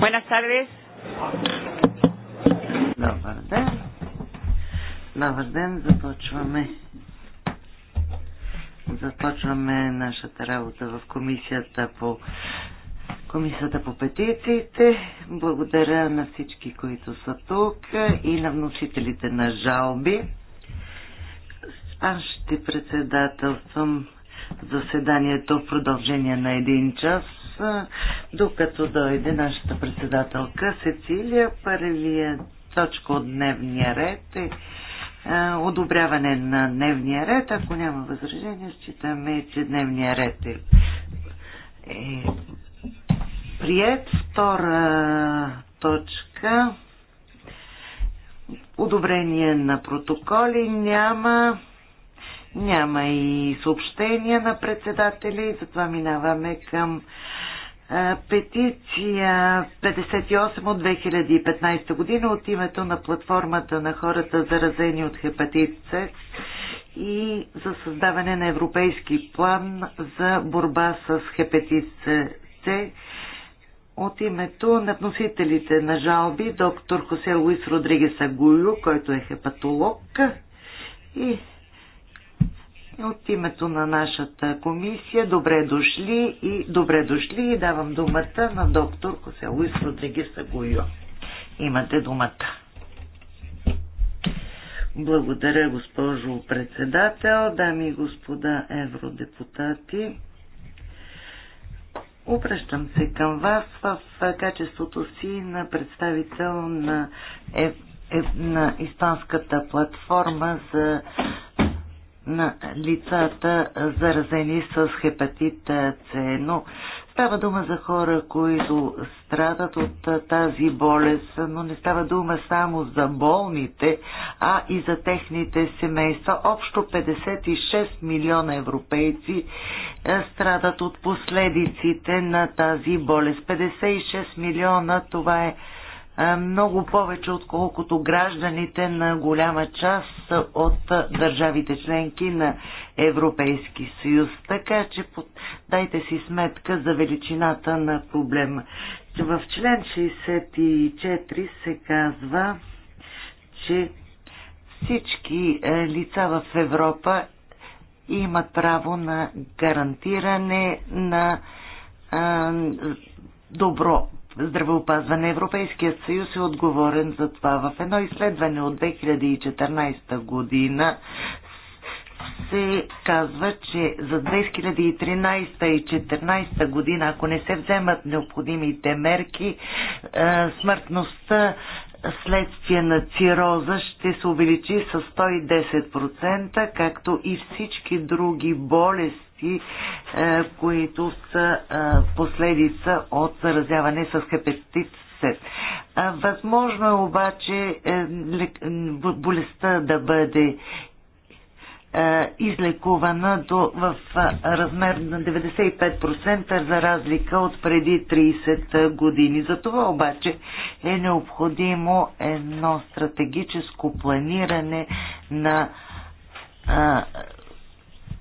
Buenas tardes. Добър ден. Добър ден. Започваме. Започваме нашата работа в комисията по Комисията по петициите. Благодаря на всички, които са тук и на вносителите на жалби. Аз ще председателствам заседанието в продължение на един час, докато дойде нашата председателка Сецилия. Първия точка от дневния ред е одобряване на дневния ред. Ако няма възражение, считаме, че дневния ред е, е прият. Втора точка одобрение на протоколи няма. Няма и съобщения на председателя и затова минаваме към петиция 58 от 2015 година от името на платформата на хората заразени от хепатит С и за създаване на европейски план за борба с хепатит С от името на вносителите на жалби доктор Хосе Луис Родригес Агую, който е хепатолог и от името на нашата комисия добре дошли и добре дошли и давам думата на доктор Косе Луис Родригес Агуйо. Имате думата. Благодаря, госпожо председател, дами и господа евродепутати. Обръщам се към вас в качеството си на представител на, е, е, на Испанската платформа за на лицата заразени с хепатит С. Но става дума за хора, които страдат от тази болест, но не става дума само за болните, а и за техните семейства. Общо 56 милиона европейци е, страдат от последиците на тази болест. 56 милиона това е много повече, отколкото гражданите на голяма част от държавите членки на Европейски съюз. Така че дайте си сметка за величината на проблема. В член 64 се казва, че всички е, лица в Европа имат право на гарантиране на е, добро здравеопазване. Европейският съюз е отговорен за това. В едно изследване от 2014 година се казва, че за 2013 и 2014 година, ако не се вземат необходимите мерки, смъртността следствие на цироза ще се увеличи с 110%, както и всички други болести, е, които са е, последица от заразяване с хепатит С. Е, възможно е обаче болестта да бъде е, излекувана до, в е, размер на 95% за разлика от преди 30 години. За това обаче е необходимо едно стратегическо планиране на а, е,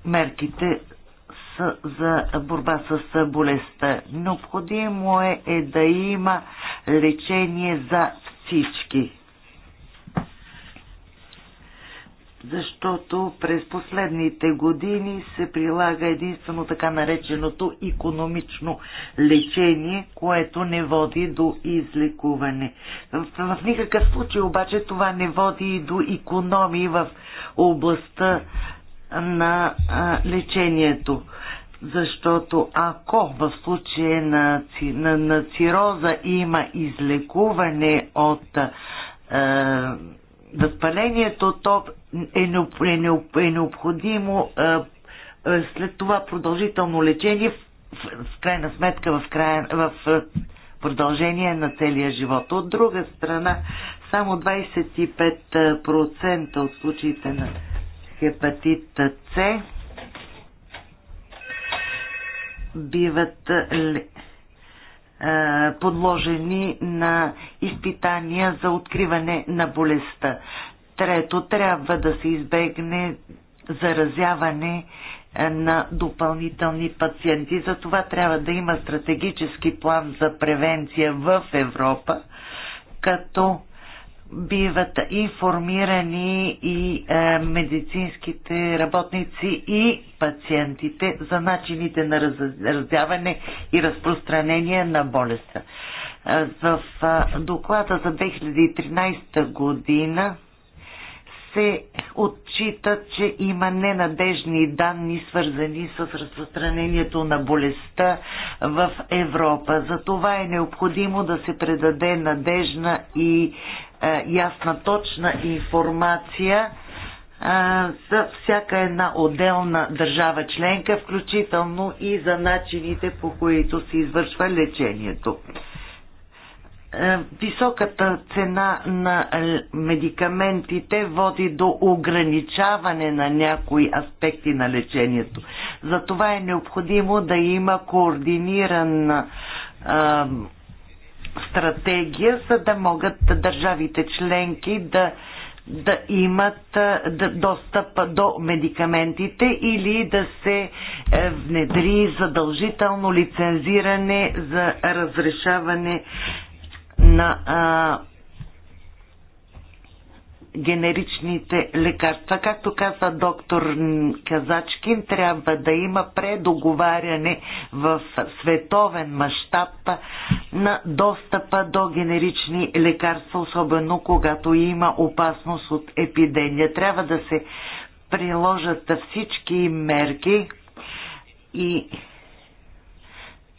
мерките с, за борба с болестта. Необходимо е, е да има лечение за всички защото през последните години се прилага единствено така нареченото економично лечение, което не води до излекуване. В, в никакъв случай обаче това не води и до економии в областта на а, лечението. Защото ако в случая на, на, на цироза има излекуване от а, възпалението, то е, необ, е, необ, е необходимо е, е, след това продължително лечение, в, в крайна сметка в, края, в продължение на целия живот. От друга страна, само 25% от случаите на хепатит С биват е, подложени на изпитания за откриване на болестта. Трето, трябва да се избегне заразяване е, на допълнителни пациенти. За това трябва да има стратегически план за превенция в Европа, като биват информирани и е, медицинските работници и пациентите за начините на раздяване и разпространение на болестта. Е, в е, доклада за 2013 година се отчита, че има ненадежни данни, свързани с разпространението на болестта в Европа. За това е необходимо да се предаде надежна и е, е, ясна, точна информация е, за всяка една отделна държава членка, включително и за начините по които се извършва лечението. Е, високата цена на медикаментите води до ограничаване на някои аспекти на лечението. Затова е необходимо да има координиран стратегия, за да могат държавите членки да, да имат да, достъп до медикаментите или да се е, внедри задължително лицензиране за разрешаване на а, генеричните лекарства. Както каза доктор Казачкин, трябва да има предоговаряне в световен мащаб на достъпа до генерични лекарства, особено когато има опасност от епидемия. Трябва да се приложат всички мерки и,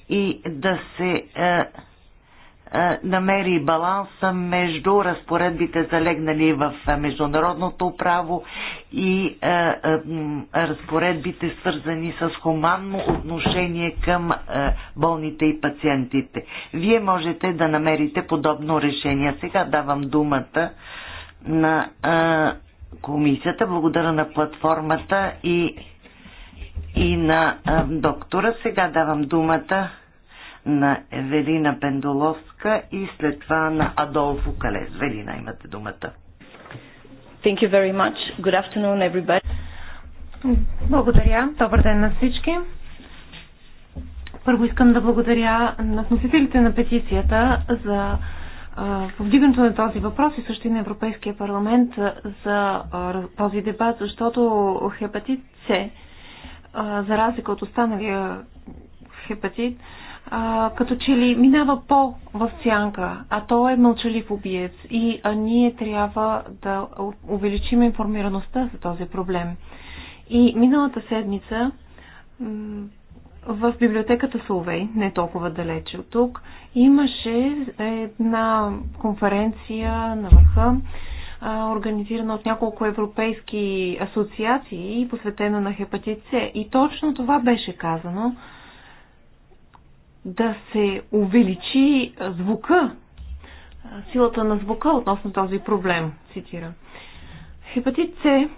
и да се. Е, е, намери баланса между разпоредбите залегнали в е, международното право и е, разпоредбите свързани с хуманно отношение към болните и пациентите. Вие можете да намерите подобно решение. Сега давам думата на комисията, благодаря на платформата и, и на доктора. Сега давам думата на Евелина Пендоловска и след това на Адолфо Калез. Велина, имате думата. Thank you very much. Good afternoon, everybody. Благодаря. Добър ден на всички. Първо искам да благодаря на вносителите на петицията за повдигането на този въпрос и също и на Европейския парламент за този дебат, защото хепатит С, за разлика от останалия хепатит, а, като че ли минава по в сянка, а той е мълчалив убиец и а ние трябва да увеличим информираността за този проблем. И миналата седмица в библиотеката Соловей, не толкова далече от тук, имаше една конференция на върха, организирана от няколко европейски асоциации, посветена на хепатит С. И точно това беше казано, да се увеличи звука, силата на звука относно този проблем, цитира. Хепатит С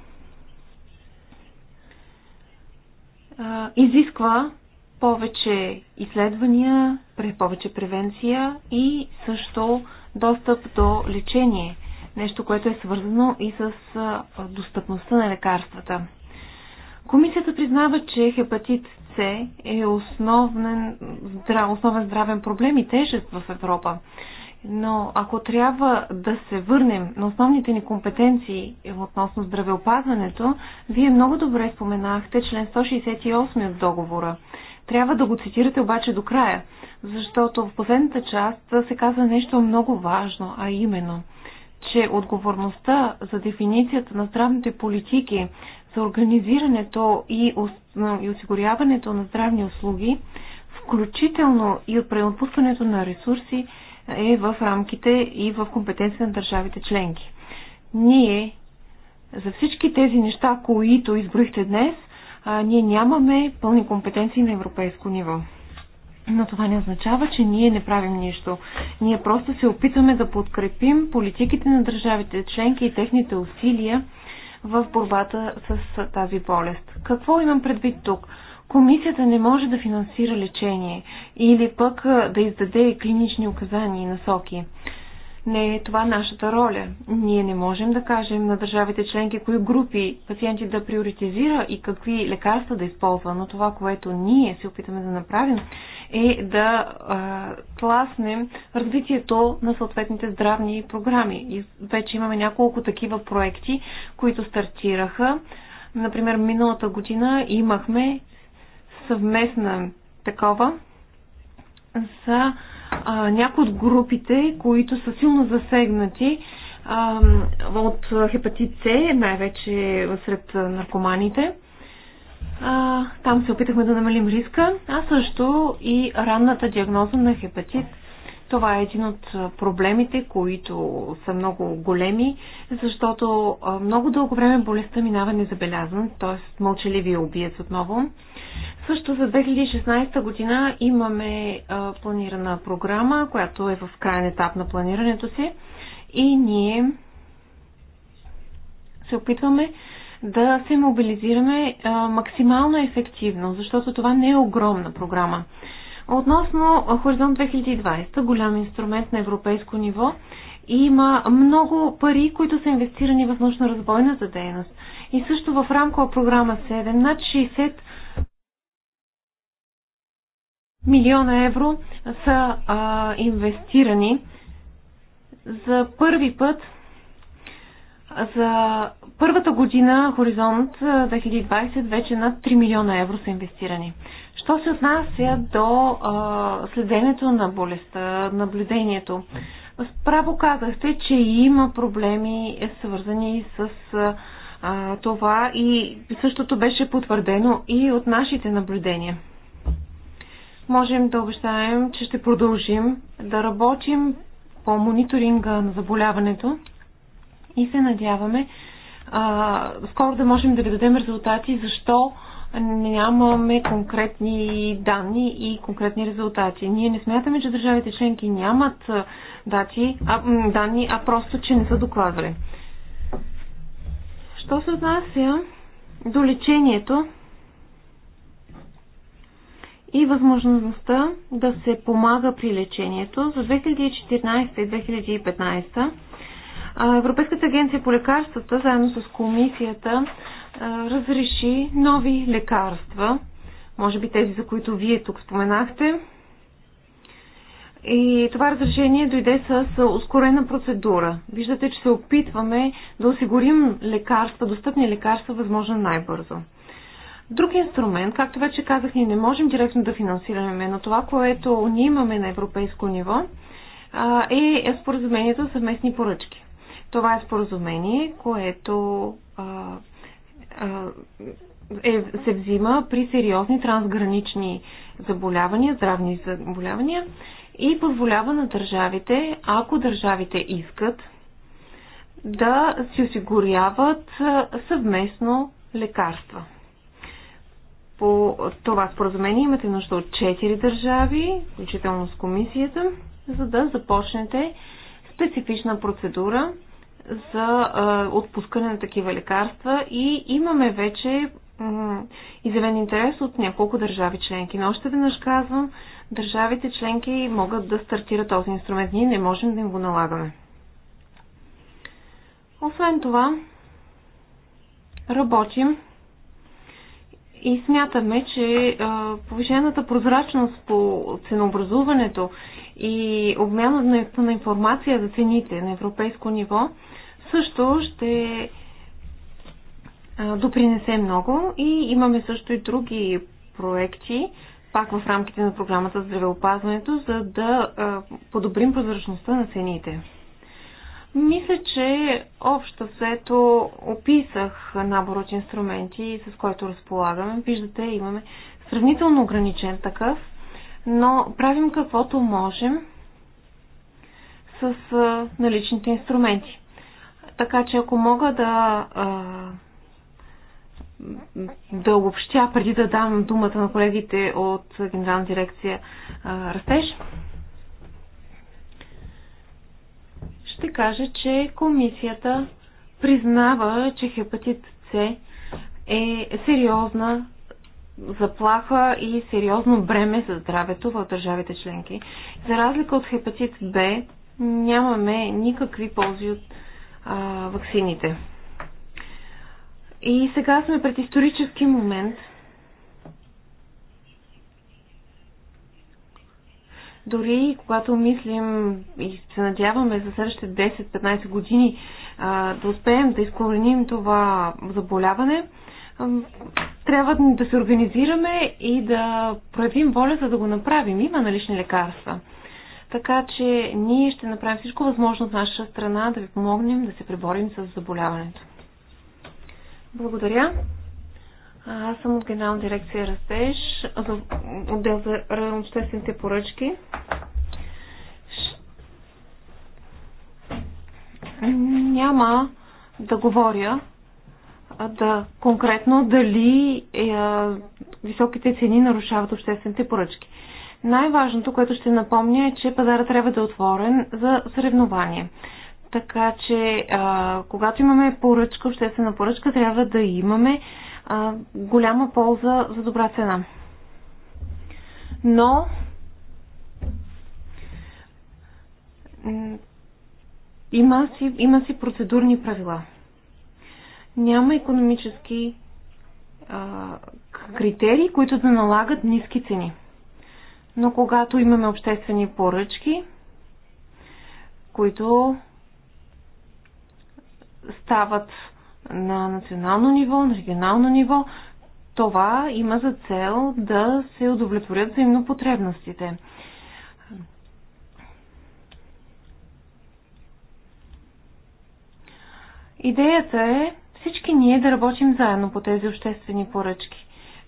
изисква повече изследвания, повече превенция и също достъп до лечение. Нещо, което е свързано и с достъпността на лекарствата. Комисията признава, че хепатит сърце е основен, здрав, основен здравен проблем и тежест в Европа. Но ако трябва да се върнем на основните ни компетенции относно здравеопазването, вие много добре споменахте член 168 от договора. Трябва да го цитирате обаче до края, защото в последната част се казва нещо много важно, а именно, че отговорността за дефиницията на здравните политики за организирането и, и осигуряването на здравни услуги, включително и от преотпускането на ресурси, е в рамките и в компетенция на държавите членки. Ние за всички тези неща, които изброихте днес, а, ние нямаме пълни компетенции на европейско ниво. Но това не означава, че ние не правим нищо. Ние просто се опитваме да подкрепим политиките на държавите членки и техните усилия в борбата с тази болест. Какво имам предвид тук? Комисията не може да финансира лечение или пък да издаде клинични указания и насоки. Не е това нашата роля. Ние не можем да кажем на държавите членки кои групи пациенти да приоритизира и какви лекарства да използва, но това, което ние се опитаме да направим е да а, тласнем развитието на съответните здравни програми. И вече имаме няколко такива проекти, които стартираха. Например, миналата година имахме съвместна такова за а, някои от групите, които са силно засегнати а, от хепатит С, най-вече сред наркоманите. А, там се опитахме да намалим риска, а също и ранната диагноза на хепатит. Това е един от проблемите, които са много големи, защото много дълго време болестта минава незабелязан, т.е. мълчаливия убиец отново. Също за 2016 година имаме планирана програма, която е в крайен етап на планирането си и ние се опитваме да се мобилизираме максимално ефективно, защото това не е огромна програма. Относно Хоризонт 2020, голям инструмент на европейско ниво, има много пари, които са инвестирани в научно-разбойната дейност. И също в рамкова програма 7 над 60 милиона евро са а, инвестирани. За първи път за първата година Хоризонт 2020 вече над 3 милиона евро са инвестирани. Що се отнася до а, следенето на болестта, наблюдението? Справо казахте, че има проблеми е, свързани с а, това и същото беше потвърдено и от нашите наблюдения. Можем да обещаем, че ще продължим да работим по мониторинга на заболяването и се надяваме а, скоро да можем да ви дадем резултати, защо нямаме конкретни данни и конкретни резултати. Ние не смятаме, че държавите членки нямат дати, а, данни, а просто, че не са докладвали. Що се отнася до лечението и възможността да се помага при лечението за 2014 и 2015 Европейската агенция по лекарствата, заедно с комисията, разреши нови лекарства, може би тези, за които вие тук споменахте. И това разрешение дойде с ускорена процедура. Виждате, че се опитваме да осигурим лекарства, достъпни лекарства, възможно най-бързо. Друг инструмент, както вече казах, ние не можем директно да финансираме, но това, което ние имаме на европейско ниво, е споразумението за съвместни поръчки. Това е споразумение, което а, а, е, се взима при сериозни трансгранични заболявания, здравни заболявания и позволява на държавите, ако държавите искат, да си осигуряват съвместно лекарства. По това споразумение имате нужда от 4 държави, включително с комисията, за да започнете специфична процедура за отпускане на такива лекарства и имаме вече изявен интерес от няколко държави членки. Но още веднъж казвам, държавите членки могат да стартират този инструмент. Ние не можем да им го налагаме. Освен това, работим и смятаме, че повишената прозрачност по ценообразуването и обмяната на информация за цените на европейско ниво – също ще допринесе много и имаме също и други проекти, пак в рамките на програмата за здравеопазването, за да подобрим прозрачността на цените. Мисля, че общо взето описах набор от инструменти, с който разполагаме. Виждате, имаме сравнително ограничен такъв, но правим каквото можем с наличните инструменти. Така че ако мога да, а, да обобщя преди да дам думата на колегите от Генерална дирекция а, Растеж, ще кажа, че комисията признава, че хепатит С е сериозна заплаха и сериозно бреме за здравето в държавите членки. За разлика от хепатит Б, нямаме никакви ползи от а, вакцините. И сега сме пред исторически момент. Дори когато мислим и се надяваме за следващите 10-15 години а, да успеем да изкореним това заболяване, а, трябва да се организираме и да проявим воля, за да го направим. Има налични лекарства. Така че ние ще направим всичко възможно от наша страна да ви помогнем да се преборим с заболяването. Благодаря. Аз съм от Генерална дирекция Растеж, отдел за обществените поръчки. Няма да говоря да конкретно дали е, високите цени нарушават обществените поръчки. Най-важното, което ще напомня е, че пазара трябва да е отворен за съревнование. Така че, а, когато имаме поръчка, обществена поръчка, трябва да имаме а, голяма полза за добра цена. Но има си, има си процедурни правила. Няма економически а, критерии, които да налагат ниски цени. Но когато имаме обществени поръчки, които стават на национално ниво, на регионално ниво, това има за цел да се удовлетворят взаимно потребностите. Идеята е всички ние да работим заедно по тези обществени поръчки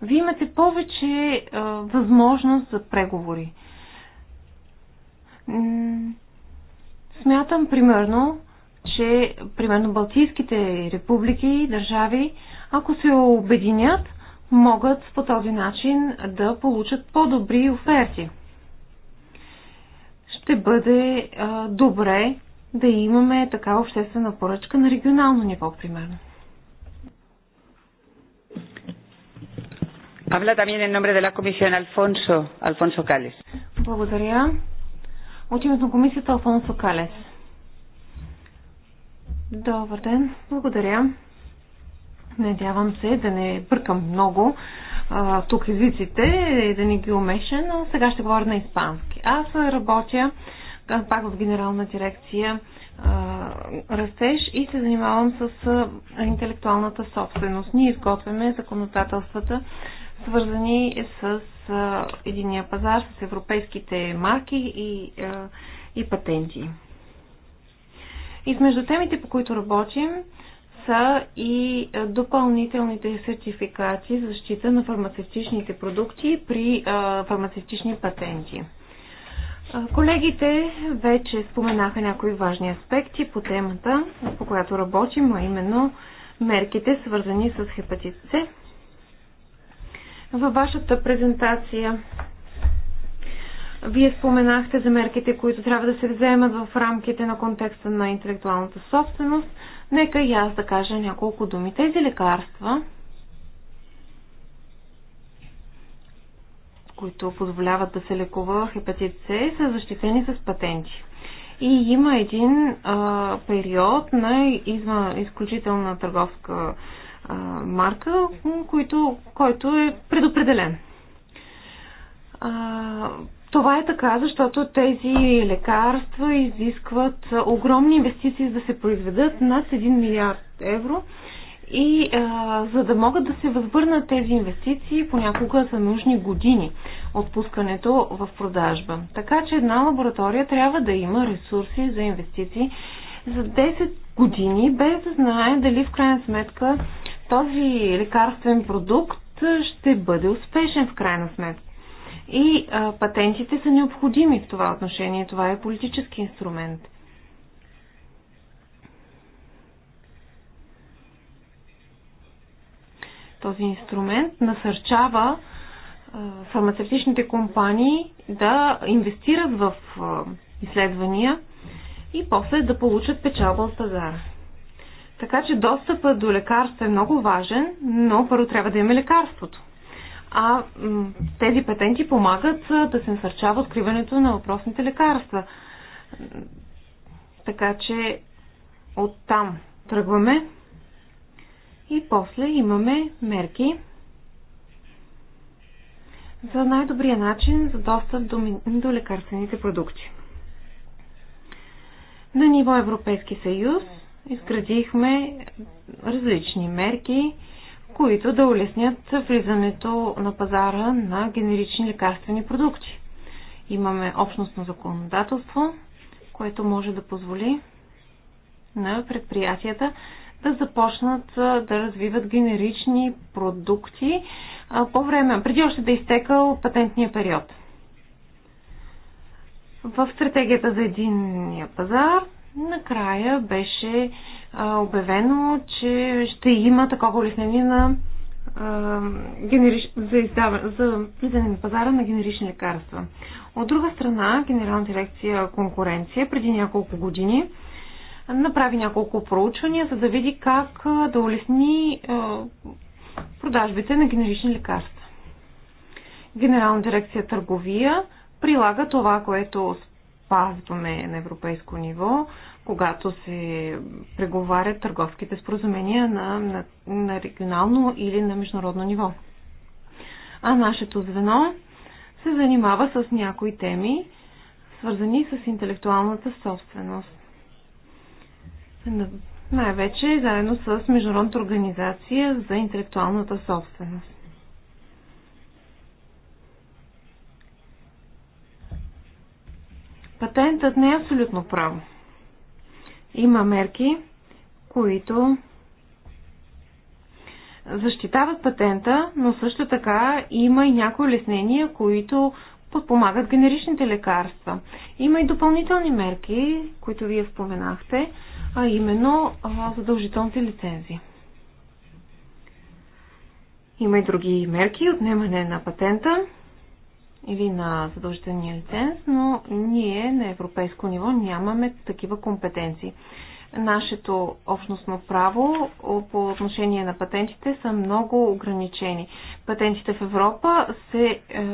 вие имате повече а, възможност за преговори. Смятам, примерно, че примерно Балтийските републики и държави, ако се обединят, могат по този начин да получат по-добри оферти. Ще бъде а, добре да имаме такава обществена поръчка на регионално ниво, примерно. Habla también en nombre de la comisión Алфонсо, Alfonso Калес. Благодаря. От името на комисията Алфонсо Калес. Добър ден. Благодаря. Надявам се да не бъркам много а, тук езиците и да не ги умеша, но сега ще говоря на испански. Аз работя пак в генерална дирекция растеж и се занимавам с интелектуалната собственост. Ние изготвяме законодателствата свързани с единия пазар, с европейските марки и, и патенти. Измежду темите, по които работим, са и допълнителните сертификати за защита на фармацевтичните продукти при фармацевтични патенти. Колегите вече споменаха някои важни аспекти по темата, по която работим, а именно мерките свързани с хепатит С във вашата презентация вие споменахте за мерките, които трябва да се вземат в рамките на контекста на интелектуалната собственост. Нека и аз да кажа няколко думи. Тези лекарства, които позволяват да се лекува хепатит С, са защитени с патенти. И има един а, период на изма, изключителна търговска а, марка, който, който е предопределен. А, това е така, защото тези лекарства изискват огромни инвестиции за да се произведат над 1 милиард евро и а, за да могат да се възвърнат тези инвестиции, понякога са нужни години отпускането в продажба. Така че една лаборатория трябва да има ресурси за инвестиции за 10 години, без да знае дали в крайна сметка този лекарствен продукт ще бъде успешен в крайна сметка. И а, патентите са необходими в това отношение. Това е политически инструмент. Този инструмент насърчава а, фармацевтичните компании да инвестират в а, изследвания и после да получат печалба от пазара. Така че достъпът до лекарства е много важен, но първо трябва да имаме лекарството. А тези патенти помагат да се насърчава откриването на въпросните лекарства. Така че оттам тръгваме и после имаме мерки за най-добрия начин за достъп до, до лекарствените продукти. На ниво Европейски съюз изградихме различни мерки, които да улеснят влизането на пазара на генерични лекарствени продукти. Имаме общностно законодателство, което може да позволи на предприятията да започнат да развиват генерични продукти по време, преди още да е изтекал патентния период. В стратегията за единния пазар накрая беше а, обявено, че ще има такова улеснение на а, за, за влизане на пазара на генерични лекарства. От друга страна, Генерална дирекция конкуренция преди няколко години направи няколко проучвания, за да види как да улесни а, продажбите на генерични лекарства. Генерална дирекция търговия прилага това, което спазваме на европейско ниво, когато се преговарят търговските споразумения на, на, на регионално или на международно ниво. А нашето звено се занимава с някои теми, свързани с интелектуалната собственост. Най-вече заедно с Международната организация за интелектуалната собственост. Патентът не е абсолютно право. Има мерки, които защитават патента, но също така има и някои леснения, които подпомагат генеричните лекарства. Има и допълнителни мерки, които вие споменахте, а именно задължителните лицензии. Има и други мерки, отнемане на патента, или на задължителния лиценз, но ние на европейско ниво нямаме такива компетенции. Нашето общностно право по отношение на патентите са много ограничени. Патентите в Европа се е,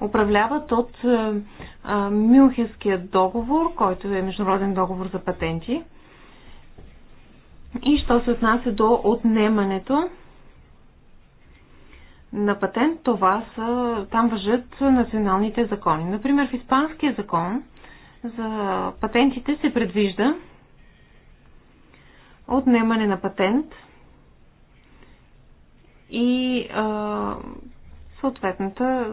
управляват от е, е, Мюнхенския договор, който е международен договор за патенти. И що се отнася до отнемането, на патент, това са, там въжат националните закони. Например, в Испанския закон за патентите се предвижда отнемане на патент и а, съответната,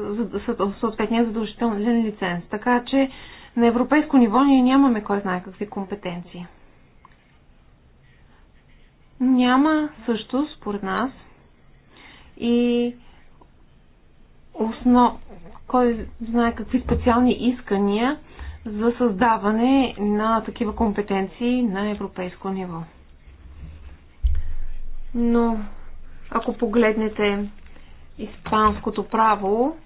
съответния задължителен лиценз. Така че на европейско ниво ние нямаме кой знае какви компетенции. Няма също, според нас, и основ... кой знае какви специални искания за създаване на такива компетенции на европейско ниво. Но ако погледнете испанското право,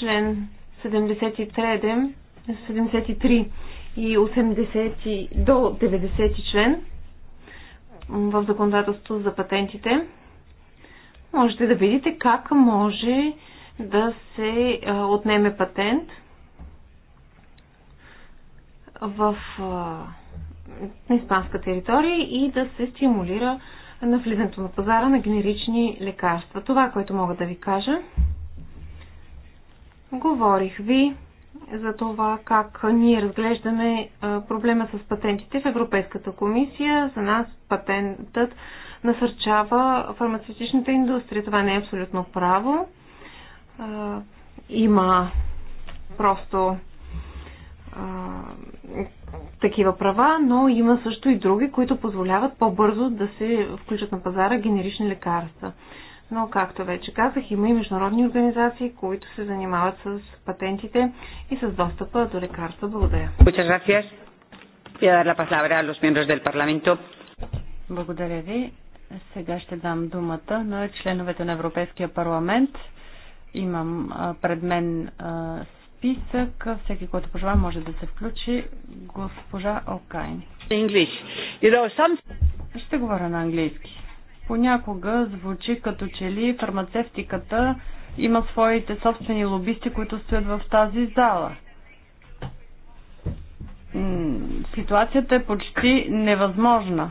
член 73, 73 и 80 до 90 член в законодателство за патентите, можете да видите как може да се отнеме патент в испанска територия и да се стимулира на влизането на пазара на генерични лекарства. Това, което мога да ви кажа, говорих ви за това как ние разглеждаме проблема с патентите в Европейската комисия. За нас патентът насърчава фармацевтичната индустрия. Това не е абсолютно право а, има просто а, такива права, но има също и други, които позволяват по-бързо да се включат на пазара генерични лекарства. Но, както вече казах, има и международни организации, които се занимават с патентите и с достъпа до лекарства. Благодаря. Благодаря ви. Сега ще дам думата на членовете на Европейския парламент. Имам пред мен списък. Всеки, който пожелава, може да се включи. Госпожа Окайн. Ще говоря на английски. Понякога звучи като че ли фармацевтиката има своите собствени лобисти, които стоят в тази зала. Ситуацията е почти невъзможна.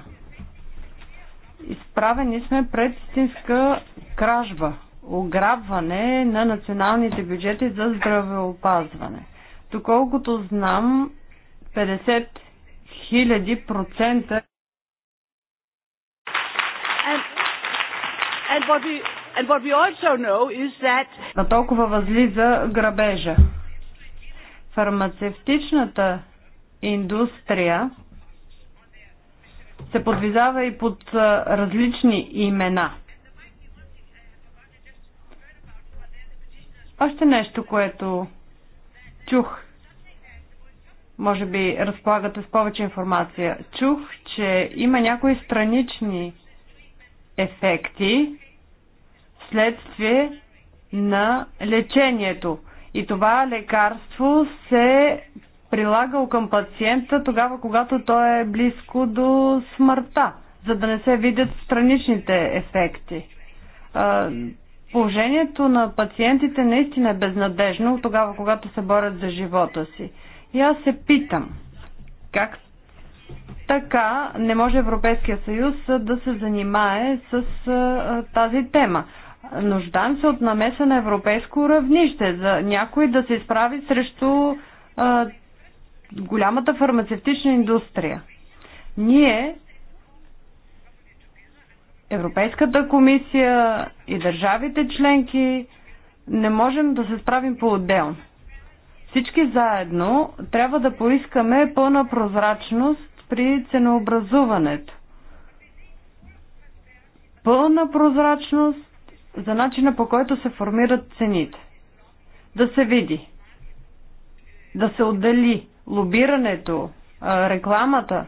Изправени сме пред истинска кражба ограбване на националните бюджети за здравеопазване. Доколкото знам, 50 хиляди процента that... На толкова възлиза грабежа. Фармацевтичната индустрия се подвизава и под различни имена – Още нещо, което чух. Може би разполагате с повече информация. Чух, че има някои странични ефекти следствие на лечението. И това лекарство се прилагал към пациента тогава, когато той е близко до смъртта, за да не се видят страничните ефекти. Положението на пациентите наистина е безнадежно тогава, когато се борят за живота си. И аз се питам, как така не може Европейския съюз да се занимае с тази тема? Нуждаем се от намеса на европейско равнище за някой да се изправи срещу голямата фармацевтична индустрия. Ние Европейската комисия и държавите членки не можем да се справим по-отделно. Всички заедно трябва да поискаме пълна прозрачност при ценообразуването. Пълна прозрачност за начина по който се формират цените. Да се види, да се отдели лобирането, рекламата,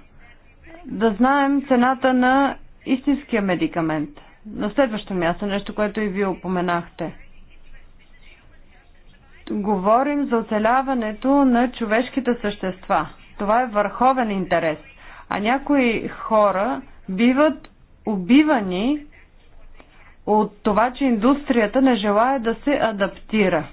да знаем цената на истинския медикамент. На следващо място, нещо, което и вие упоменахте. Говорим за оцеляването на човешките същества. Това е върховен интерес. А някои хора биват убивани от това, че индустрията не желая да се адаптира.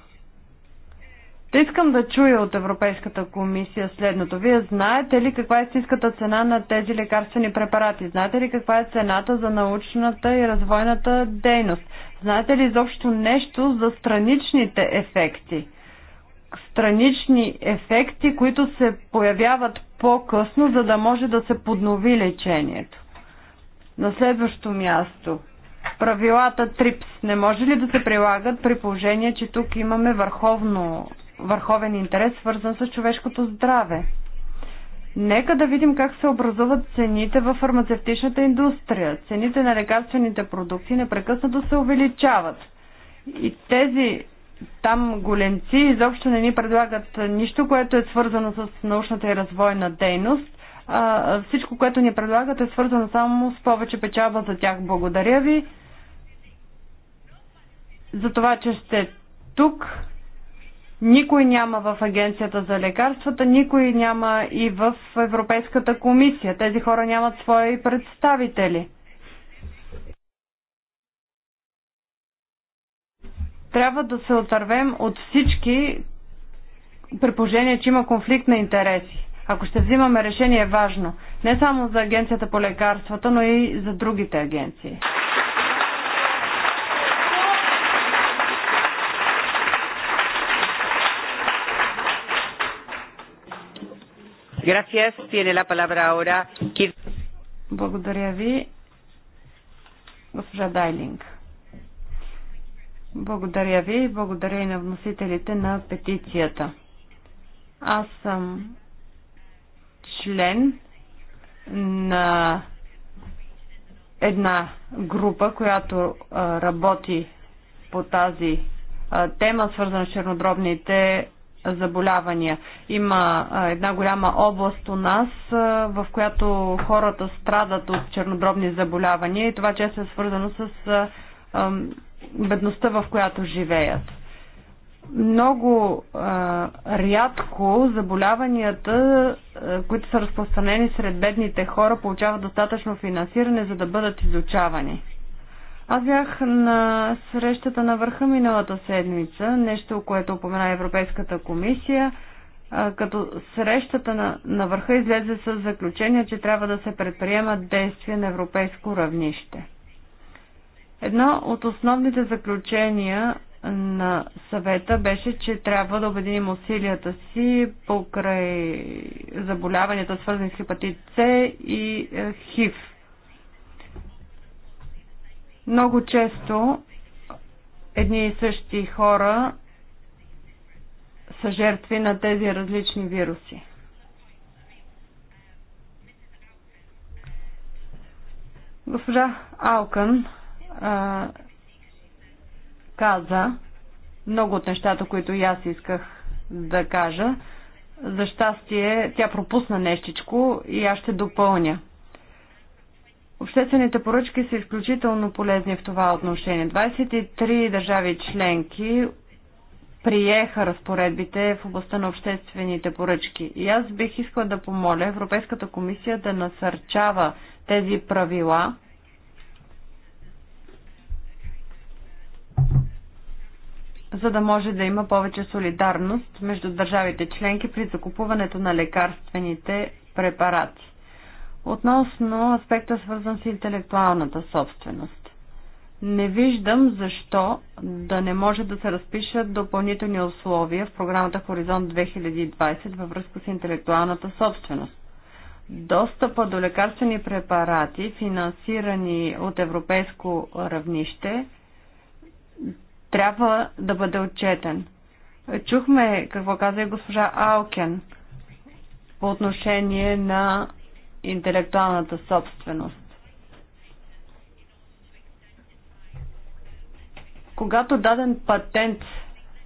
Та искам да чуя от Европейската комисия следното. Вие знаете ли каква е истинската цена на тези лекарствени препарати? Знаете ли каква е цената за научната и развойната дейност? Знаете ли изобщо нещо за страничните ефекти? Странични ефекти, които се появяват по-късно, за да може да се поднови лечението. На следващо място – правилата ТРИПС не може ли да се прилагат при положение, че тук имаме върховно върховен интерес, свързан с човешкото здраве. Нека да видим как се образуват цените във фармацевтичната индустрия. Цените на лекарствените продукти непрекъснато се увеличават. И тези там голенци изобщо не ни предлагат нищо, което е свързано с научната и развойна дейност. А, всичко, което ни предлагат е свързано само с повече печалба за тях. Благодаря ви за това, че сте тук. Никой няма в Агенцията за лекарствата, никой няма и в Европейската комисия. Тези хора нямат свои представители. Трябва да се отървем от всички, предположения, че има конфликт на интереси. Ако ще взимаме решение, е важно. Не само за Агенцията по лекарствата, но и за другите агенции. Gracias. Tiene la palabra ahora. Благодаря ви, госпожа Дайлинг. Благодаря ви. и Благодаря и на вносителите на петицията. Аз съм член на една група, която работи по тази тема, свързана с чернодробните заболявания. Има една голяма област у нас, в която хората страдат от чернодробни заболявания и това често е свързано с бедността, в която живеят. Много а, рядко заболяванията, а, които са разпространени сред бедните хора, получават достатъчно финансиране, за да бъдат изучавани. Аз бях на срещата на върха миналата седмица, нещо, което упомена Европейската комисия, като срещата на, върха излезе с заключение, че трябва да се предприемат действия на европейско равнище. Едно от основните заключения на съвета беше, че трябва да обединим усилията си покрай заболяванията, свързани с хепатит С и е, ХИВ. Много често едни и същи хора са жертви на тези различни вируси. Госпожа Алкън а, каза много от нещата, които и аз исках да кажа. За щастие, тя пропусна нещичко и аз ще допълня. Обществените поръчки са изключително полезни в това отношение. 23 държави членки приеха разпоредбите в областта на обществените поръчки. И аз бих искала да помоля Европейската комисия да насърчава тези правила, за да може да има повече солидарност между държавите членки при закупуването на лекарствените препарати. Относно аспекта свързан с интелектуалната собственост. Не виждам защо да не може да се разпишат допълнителни условия в програмата Хоризонт 2020 във връзка с интелектуалната собственост. Достъпа до лекарствени препарати, финансирани от европейско равнище, трябва да бъде отчетен. Чухме какво каза и госпожа Алкен по отношение на интелектуалната собственост. Когато даден патент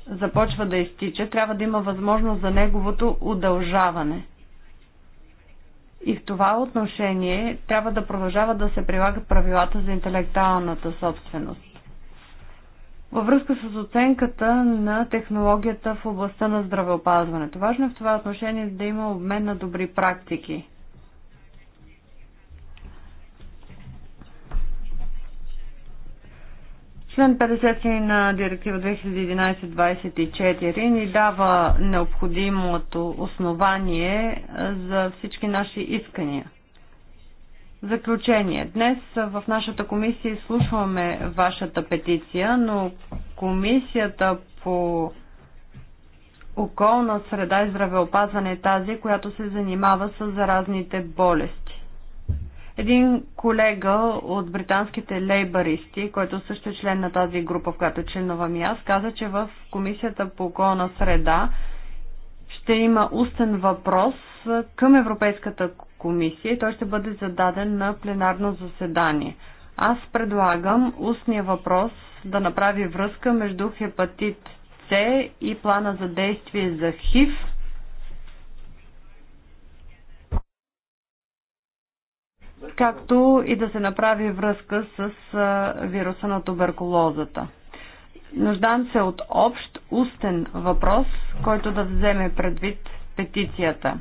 започва да изтича, трябва да има възможност за неговото удължаване. И в това отношение трябва да продължава да се прилагат правилата за интелектуалната собственост. Във връзка с оценката на технологията в областта на здравеопазването. Важно е в това отношение да има обмен на добри практики. Член 50 на директива 2011-24 ни дава необходимото основание е, за всички наши искания. Заключение. Днес е, в нашата комисия изслушваме вашата петиция, но комисията по околна среда и здравеопазване е тази, която се занимава с заразните болести. Един колега от британските лейбаристи, който също е член на тази група, в която членувам и аз, каза, че в Комисията по околна среда ще има устен въпрос към Европейската комисия и той ще бъде зададен на пленарно заседание. Аз предлагам устния въпрос да направи връзка между хепатит С и плана за действие за ХИВ, както и да се направи връзка с вируса на туберкулозата. Нуждам се от общ устен въпрос, който да вземе предвид петицията.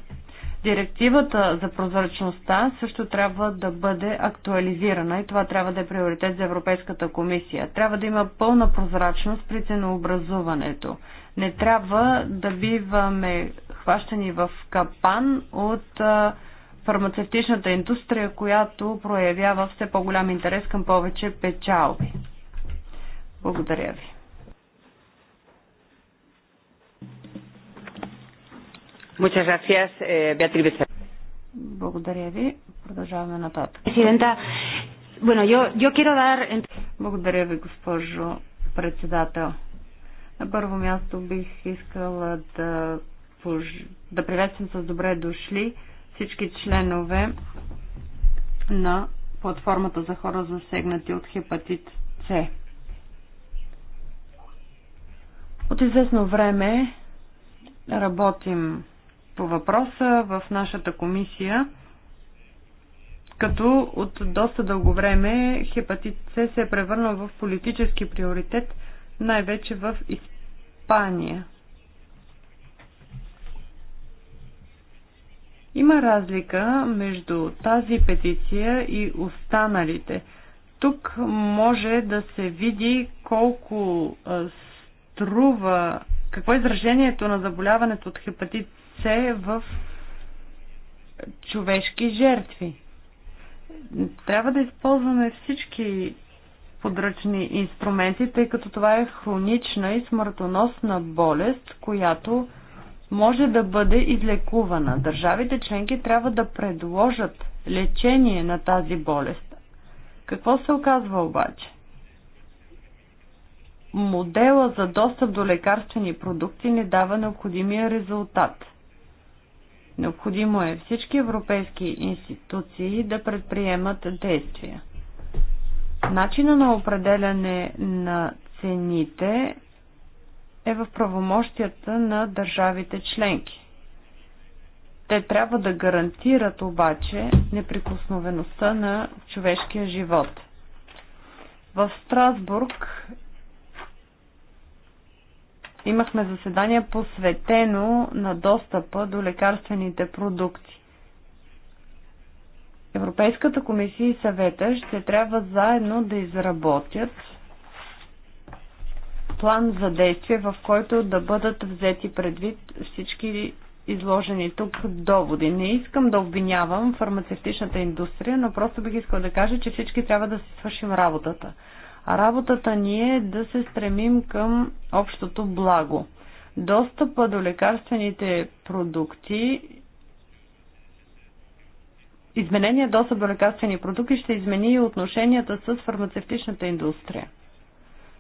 Директивата за прозрачността също трябва да бъде актуализирана и това трябва да е приоритет за Европейската комисия. Трябва да има пълна прозрачност при ценообразуването. Не трябва да биваме хващани в капан от а, фармацевтичната индустрия, която проявява все по-голям интерес към повече печалби. Благодаря ви. Eh, Благодаря ви. Продължаваме нататък. Благодаря ви, госпожо председател. На първо място бих искала да, да приветствам с добре дошли всички членове на платформата за хора засегнати от хепатит С. От известно време работим по въпроса в нашата комисия, като от доста дълго време хепатит С се е превърнал в политически приоритет, най-вече в Испания. Има разлика между тази петиция и останалите. Тук може да се види колко струва, какво е изражението на заболяването от хепатит С в човешки жертви. Трябва да използваме всички подръчни инструменти, тъй като това е хронична и смъртоносна болест, която може да бъде излекувана. Държавите членки трябва да предложат лечение на тази болест. Какво се оказва обаче? Модела за достъп до лекарствени продукти не дава необходимия резултат. Необходимо е всички европейски институции да предприемат действия. Начина на определяне на цените е в правомощията на държавите членки. Те трябва да гарантират обаче неприкосновеността на човешкия живот. В Страсбург имахме заседание посветено на достъпа до лекарствените продукти. Европейската комисия и съвета ще трябва заедно да изработят план за действие, в който да бъдат взети предвид всички изложени тук доводи. Не искам да обвинявам фармацевтичната индустрия, но просто бих искал да кажа, че всички трябва да си свършим работата. А работата ни е да се стремим към общото благо. Достъпа до лекарствените продукти Изменения достъп до лекарствени продукти ще измени и отношенията с фармацевтичната индустрия.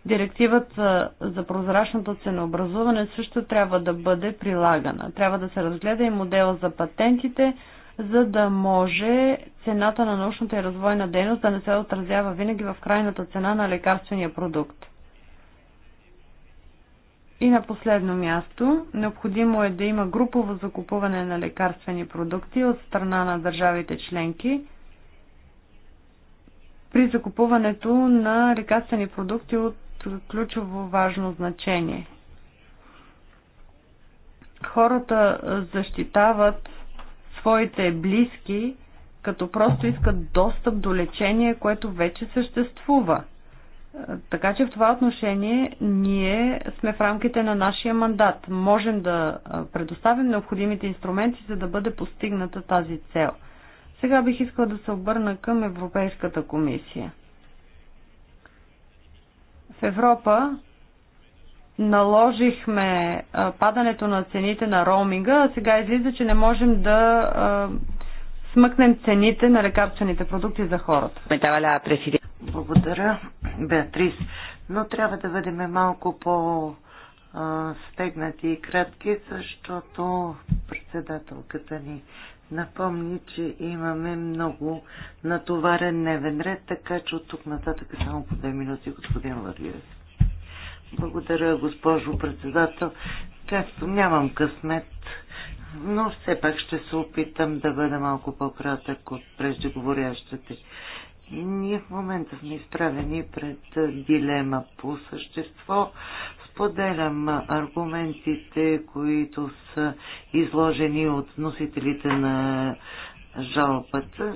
Директивата за прозрачното ценообразуване също трябва да бъде прилагана. Трябва да се разгледа и модела за патентите, за да може цената на научната и развойна дейност да не се отразява винаги в крайната цена на лекарствения продукт. И на последно място, необходимо е да има групово закупуване на лекарствени продукти от страна на държавите членки при закупуването на лекарствени продукти от от ключово важно значение. Хората защитават своите близки, като просто искат достъп до лечение, което вече съществува. Така че в това отношение ние сме в рамките на нашия мандат. Можем да предоставим необходимите инструменти, за да бъде постигната тази цел. Сега бих искала да се обърна към Европейската комисия. В Европа наложихме падането на цените на роуминга, а сега излиза, че не можем да смъкнем цените на лекарствените продукти за хората. Благодаря, Беатрис. Но трябва да бъдем малко по стегнати и кратки, защото председателката ни напомни, че имаме много натоварен дневен ред, така че от тук нататък е само по две минути, господин Лариев. Благодаря, госпожо председател. Често нямам късмет, но все пак ще се опитам да бъда малко по-кратък от преждеговорящите. Ние в момента сме изправени пред дилема по същество. Споделям аргументите, които са изложени от носителите на жалбата.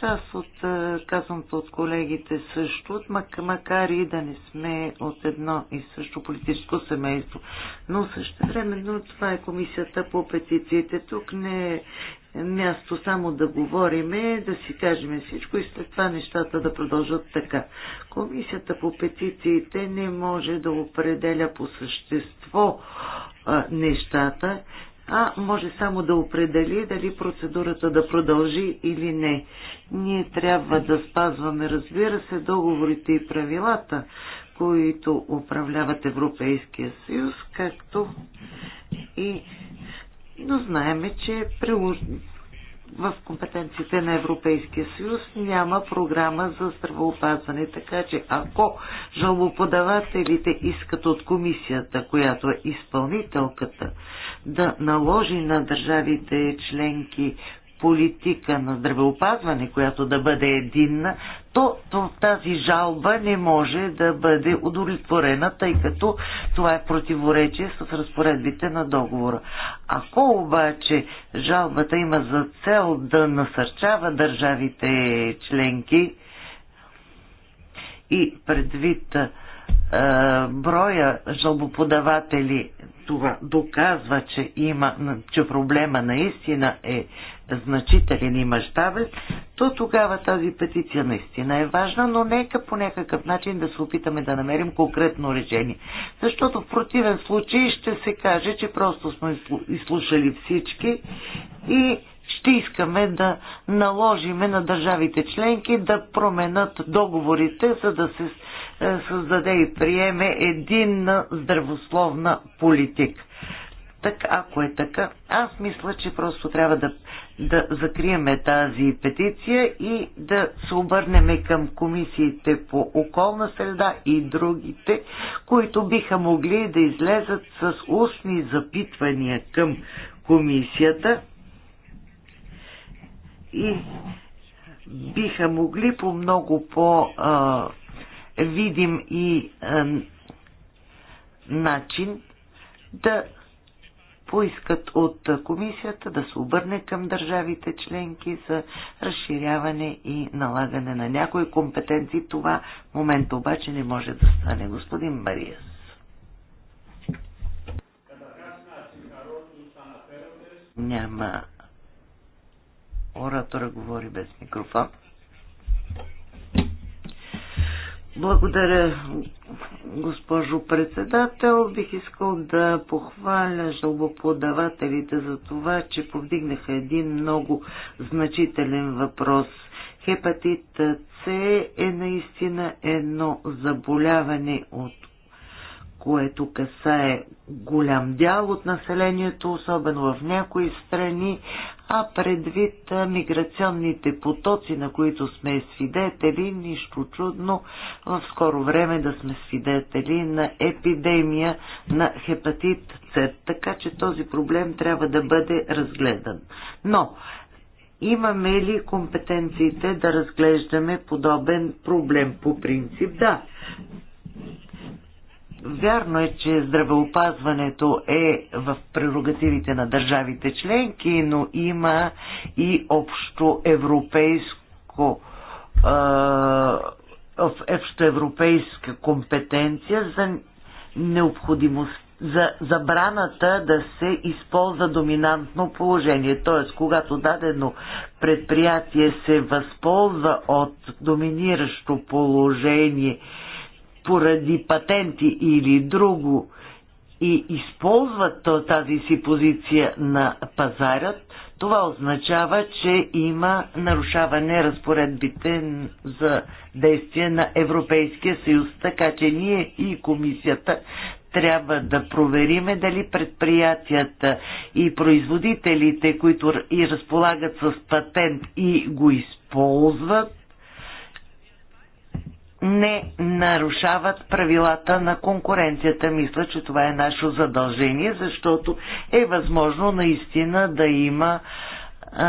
Част от е, казаното от колегите също, макар и да не сме от едно и също политическо семейство, но също времено това е комисията по петициите. Тук не е място само да говориме, да си кажем всичко и след това нещата да продължат така. Комисията по петициите не може да определя по същество а, нещата, а може само да определи дали процедурата да продължи или не. Ние трябва да спазваме, разбира се, договорите и правилата, които управляват Европейския съюз, както и но знаеме, че в компетенциите на Европейския съюз няма програма за здравоопазване, така че ако жалоподавателите искат от комисията, която е изпълнителката, да наложи на държавите членки политика на здравеопазване, която да бъде единна, то, то тази жалба не може да бъде удовлетворена, тъй като това е противоречие с разпоредбите на договора. Ако обаче жалбата има за цел да насърчава държавите членки и предвид броя жалбоподаватели това доказва, че, има, че проблема наистина е значителен и мащабен, то тогава тази петиция наистина е важна, но нека по някакъв начин да се опитаме да намерим конкретно решение. Защото в противен случай ще се каже, че просто сме изслушали всички и ще искаме да наложиме на държавите членки да променят договорите, за да се е, създаде и приеме единна здравословна политика. Так, ако е така, аз мисля, че просто трябва да, да закриеме тази петиция и да се обърнем към комисиите по околна среда и другите, които биха могли да излезат с устни запитвания към комисията и биха могли по много по- а, видим и начин да поискат от комисията да се обърне към държавите членки за разширяване и налагане на някои компетенции. Това в момента обаче не може да стане. Господин Мариас. Няма. Оратора говори без микрофон. Благодаря, госпожо председател. Бих искал да похваля жалбоподавателите за това, че повдигнаха един много значителен въпрос. Хепатит С е наистина едно заболяване, от което касае голям дял от населението, особено в някои страни, а предвид миграционните потоци, на които сме свидетели, нищо чудно в скоро време да сме свидетели на епидемия на хепатит С. Така че този проблем трябва да бъде разгледан. Но имаме ли компетенциите да разглеждаме подобен проблем по принцип? Да. Вярно е, че здравеопазването е в прерогативите на държавите членки, но има и общо европейско е, общоевропейска компетенция за необходимост за забраната да се използва доминантно положение. Т.е. когато дадено предприятие се възползва от доминиращо положение поради патенти или друго и използват тази си позиция на пазарът, това означава, че има нарушаване разпоредбите за действие на Европейския съюз, така че ние и комисията трябва да провериме дали предприятията и производителите, които и разполагат с патент и го използват, не нарушават правилата на конкуренцията. Мисля, че това е наше задължение, защото е възможно наистина да има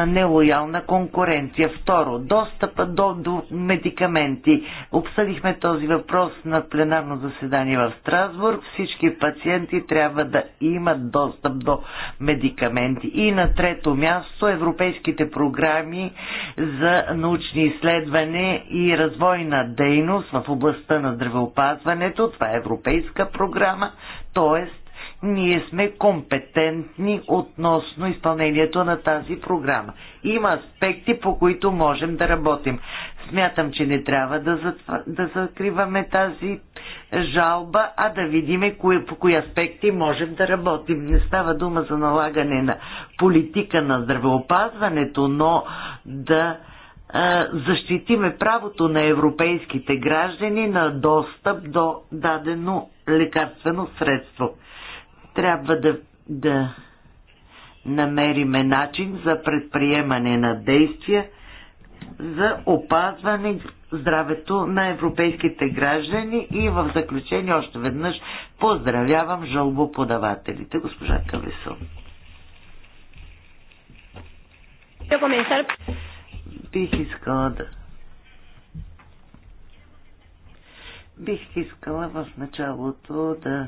нелоялна конкуренция. Второ, достъпа до, до медикаменти. Обсъдихме този въпрос на пленарно заседание в Страсбург. Всички пациенти трябва да имат достъп до медикаменти. И на трето място, европейските програми за научни изследване и развойна дейност в областта на здравеопазването. Това е европейска програма, т.е ние сме компетентни относно изпълнението на тази програма. Има аспекти, по които можем да работим. Смятам, че не трябва да, затва, да закриваме тази жалба, а да видим по кои аспекти можем да работим. Не става дума за налагане на политика на здравеопазването, но да защитиме правото на европейските граждани на достъп до дадено лекарствено средство. Трябва да, да намериме начин за предприемане на действия за опазване здравето на европейските граждани и в заключение още веднъж поздравявам жалбоподавателите, госпожа Кавесо. Бих искала да Бих искала в началото да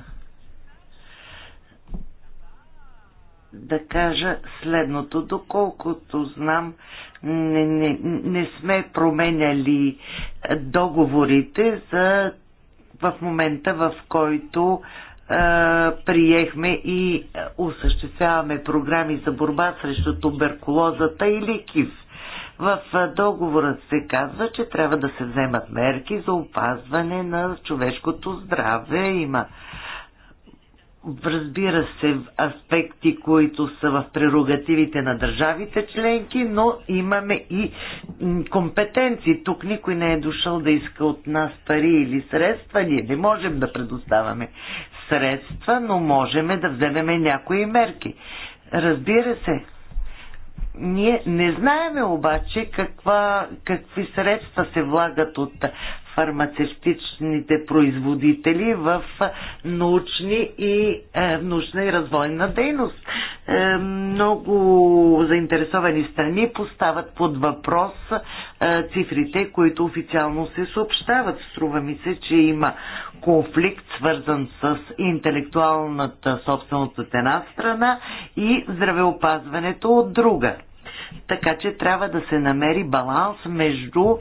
да кажа следното. Доколкото знам, не, не, не сме променяли договорите за в момента, в който е, приехме и осъществяваме програми за борба срещу туберкулозата или КИВ. В договора се казва, че трябва да се вземат мерки за опазване на човешкото здраве. Има разбира се, аспекти, които са в прерогативите на държавите членки, но имаме и компетенции. Тук никой не е дошъл да иска от нас пари или средства. Ние не можем да предоставяме средства, но можем да вземем някои мерки. Разбира се, ние не знаеме обаче каква, какви средства се влагат от фармацевтичните производители в научни и, е, научна и развойна дейност. Е, много заинтересовани страни поставят под въпрос е, цифрите, които официално се съобщават. Струва ми се, че има конфликт, свързан с интелектуалната собственост от една страна и здравеопазването от друга. Така че трябва да се намери баланс между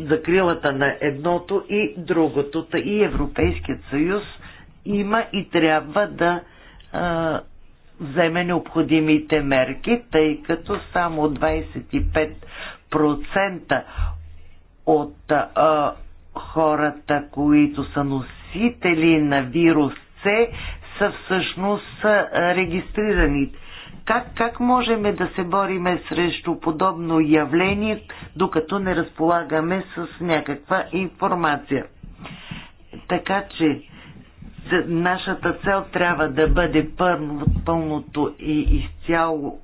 закрилата на едното и другото. И Европейският съюз има и трябва да а, вземе необходимите мерки, тъй като само 25% от а, хората, които са носители на вирус С, са всъщност регистрирани. Как, как можем да се бориме срещу подобно явление, докато не разполагаме с някаква информация? Така че нашата цел трябва да бъде пълно, пълното и изцяло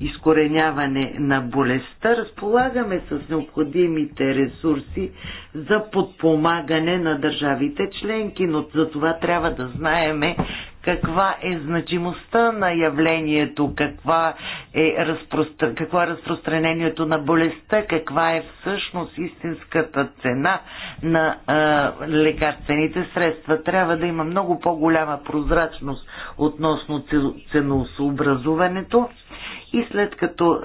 изкореняване на болестта, разполагаме с необходимите ресурси за подпомагане на държавите членки, но за това трябва да знаеме каква е значимостта на явлението, каква е, разпростр... какво е разпространението на болестта, каква е всъщност истинската цена на а, лекарствените средства. Трябва да има много по-голяма прозрачност относно ценосообразуването. И след като е,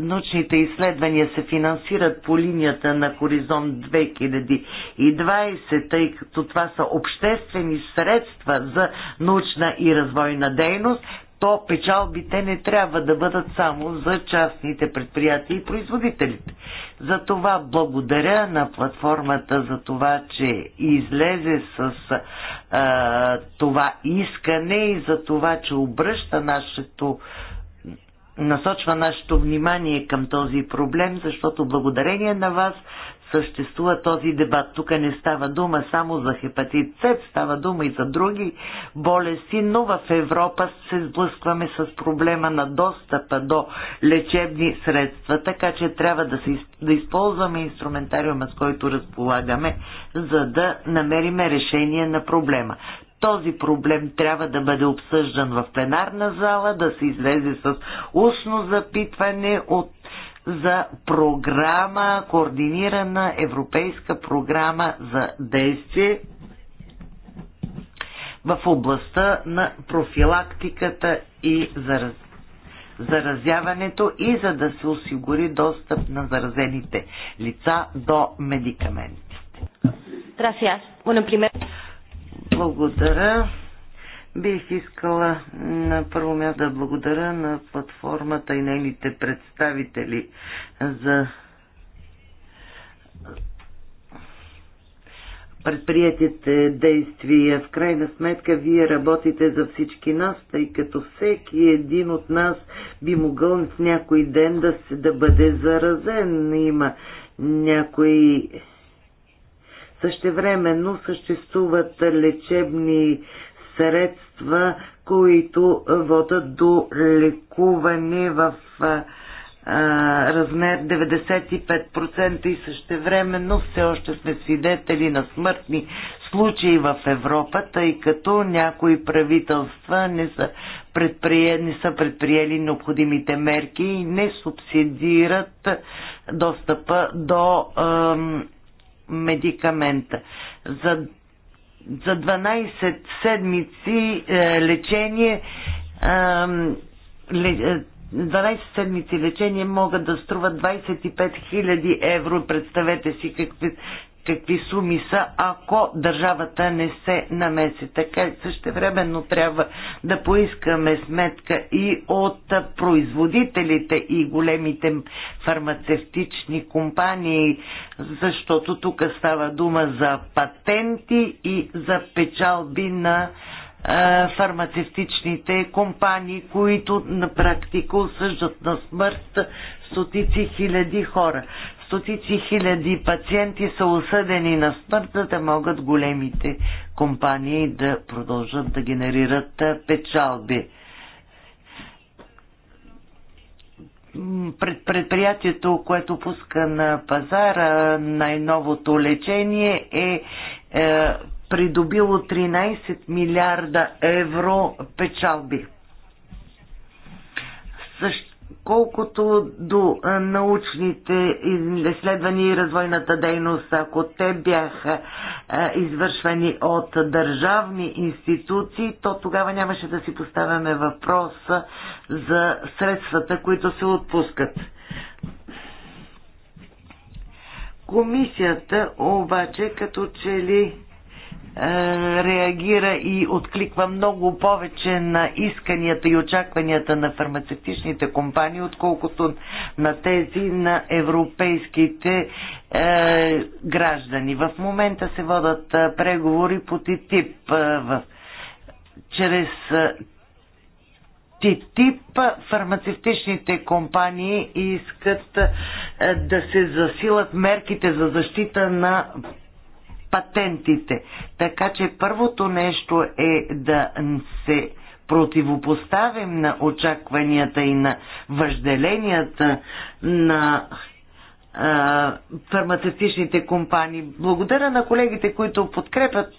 научните изследвания се финансират по линията на Хоризонт 2020, тъй като това са обществени средства за научна и развойна дейност, то печалбите не трябва да бъдат само за частните предприятия и производителите. За това благодаря на платформата за това, че излезе с а, е, това искане и за това, че обръща нашето насочва нашето внимание към този проблем, защото благодарение на вас съществува този дебат. Тук не става дума само за хепатит С, става дума и за други болести, но в Европа се сблъскваме с проблема на достъпа до лечебни средства, така че трябва да, се, да използваме инструментариума, с който разполагаме, за да намериме решение на проблема този проблем трябва да бъде обсъждан в пленарна зала, да се излезе с устно запитване от за програма, координирана европейска програма за действие в областта на профилактиката и зараз... заразяването и за да се осигури достъп на заразените лица до медикаментите. Gracias. Bueno, primero... Благодаря. Бих искала на първо място да благодаря на платформата и нейните представители за предприятите действия. В крайна сметка вие работите за всички нас, тъй като всеки един от нас би могъл в някой ден да, се, да бъде заразен. Има някои Същевременно съществуват лечебни средства, които водат до лекуване в а, размер 95% и същевременно все още сме свидетели на смъртни случаи в Европа, тъй като някои правителства не са, предприе, не са предприели необходимите мерки и не субсидират достъпа до а, медикамента. За, за 12 седмици е, лечение е, е, 12 седмици лечение могат да струват 25 000 евро. Представете си какви какви суми са, ако държавата не се намеси. Така и същевременно трябва да поискаме сметка и от производителите и големите фармацевтични компании, защото тук става дума за патенти и за печалби на фармацевтичните компании, които на практика осъждат на смърт стотици хиляди хора стотици хиляди пациенти са осъдени на смърт, за да могат големите компании да продължат да генерират печалби. предприятието, което пуска на пазара най-новото лечение е, е придобило 13 милиарда евро печалби. Също Колкото до е, научните изследвания и развойната дейност, ако те бяха е, извършвани от държавни институции, то тогава нямаше да си поставяме въпроса за средствата, които се отпускат. Комисията обаче като че ли е, реагира и откликва много повече на исканията и очакванията на фармацевтичните компании, отколкото на тези на европейските е, граждани. В момента се водат е, преговори по ТИТИП е, в, чрез ТИТИП фармацевтичните компании искат да се засилат мерките за защита на патентите. Така че първото нещо е да се противопоставим на очакванията и на въжделенията на фармацевтичните компании. Благодаря на колегите, които подкрепят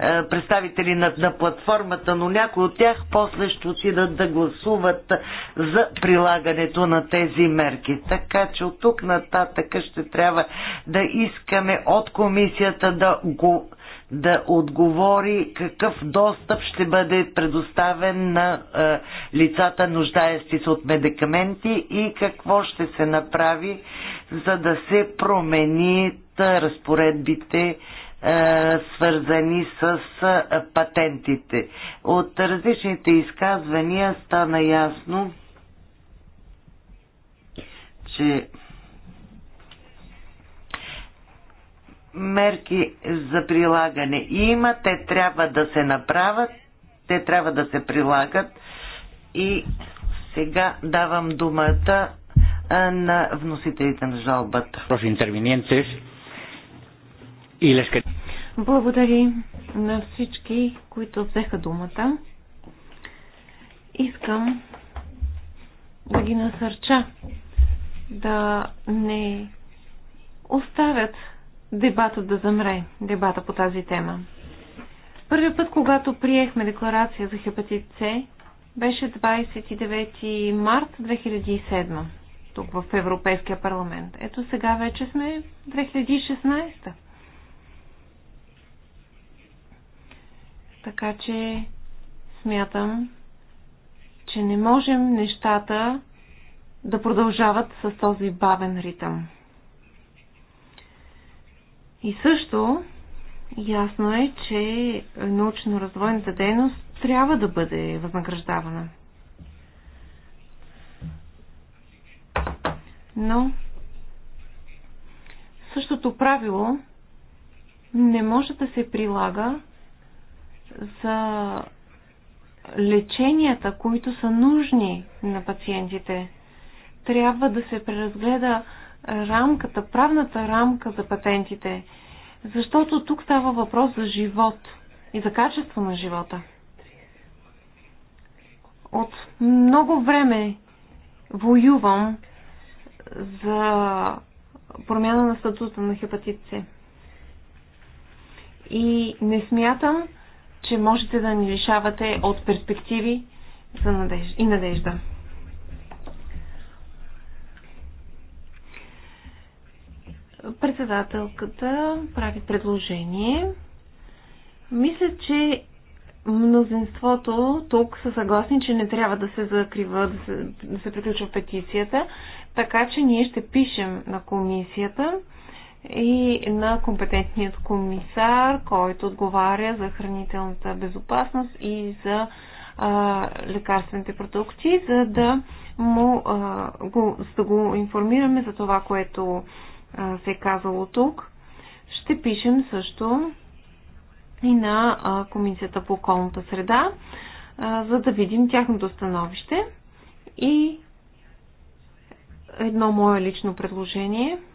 е, представители на, на платформата, но някои от тях после ще отидат да гласуват за прилагането на тези мерки. Така че от тук нататък ще трябва да искаме от комисията да го да отговори какъв достъп ще бъде предоставен на е, лицата, нуждаещи се от медикаменти и какво ще се направи, за да се променят разпоредбите е, свързани с е, патентите. От различните изказвания стана ясно, че мерки за прилагане има, те трябва да се направят, те трябва да се прилагат и сега давам думата е, на вносителите на жалбата. Los intervinientes y благодаря на всички, които взеха думата. Искам да ги насърча да не оставят дебата да замре, дебата по тази тема. Първият път, когато приехме декларация за хепатит С, беше 29 март 2007 тук в Европейския парламент. Ето сега вече сме 2016. Така че смятам, че не можем нещата да продължават с този бавен ритъм. И също ясно е, че научно-развойната дейност трябва да бъде възнаграждавана. Но същото правило не може да се прилага за леченията, които са нужни на пациентите. Трябва да се преразгледа рамката, правната рамка за патентите, защото тук става въпрос за живот и за качество на живота. От много време воювам за промяна на статута на хепатит С. И не смятам, че можете да ни лишавате от перспективи за надежда и надежда. Председателката прави предложение. Мисля, че мнозинството тук са съгласни, че не трябва да се закрива, да се, да се приключва петицията, така че ние ще пишем на комисията и на компетентният комисар, който отговаря за хранителната безопасност и за а, лекарствените продукти, за да, му, а, го, за да го информираме за това, което а, се е казало тук. Ще пишем също и на а, Комисията по околната среда, а, за да видим тяхното становище и едно мое лично предложение –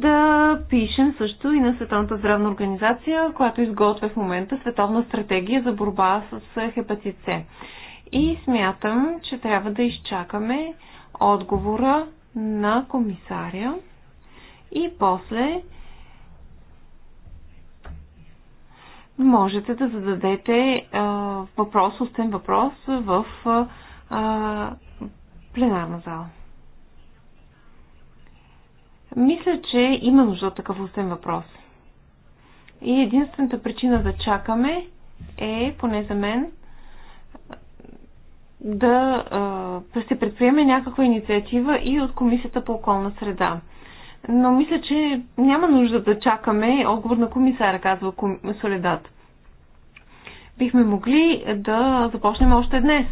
да пишем също и на Световната здравна организация, която изготвя в момента световна стратегия за борба с хепатит С. И смятам, че трябва да изчакаме отговора на комисаря и после можете да зададете а, въпрос, устен въпрос в а, пленарна зала. Мисля, че има нужда от такъв устен въпрос. И единствената причина да чакаме е, поне за мен, да а, се предприеме някаква инициатива и от Комисията по околна среда. Но мисля, че няма нужда да чакаме отговор на комисара, казва Соледат. Бихме могли да започнем още днес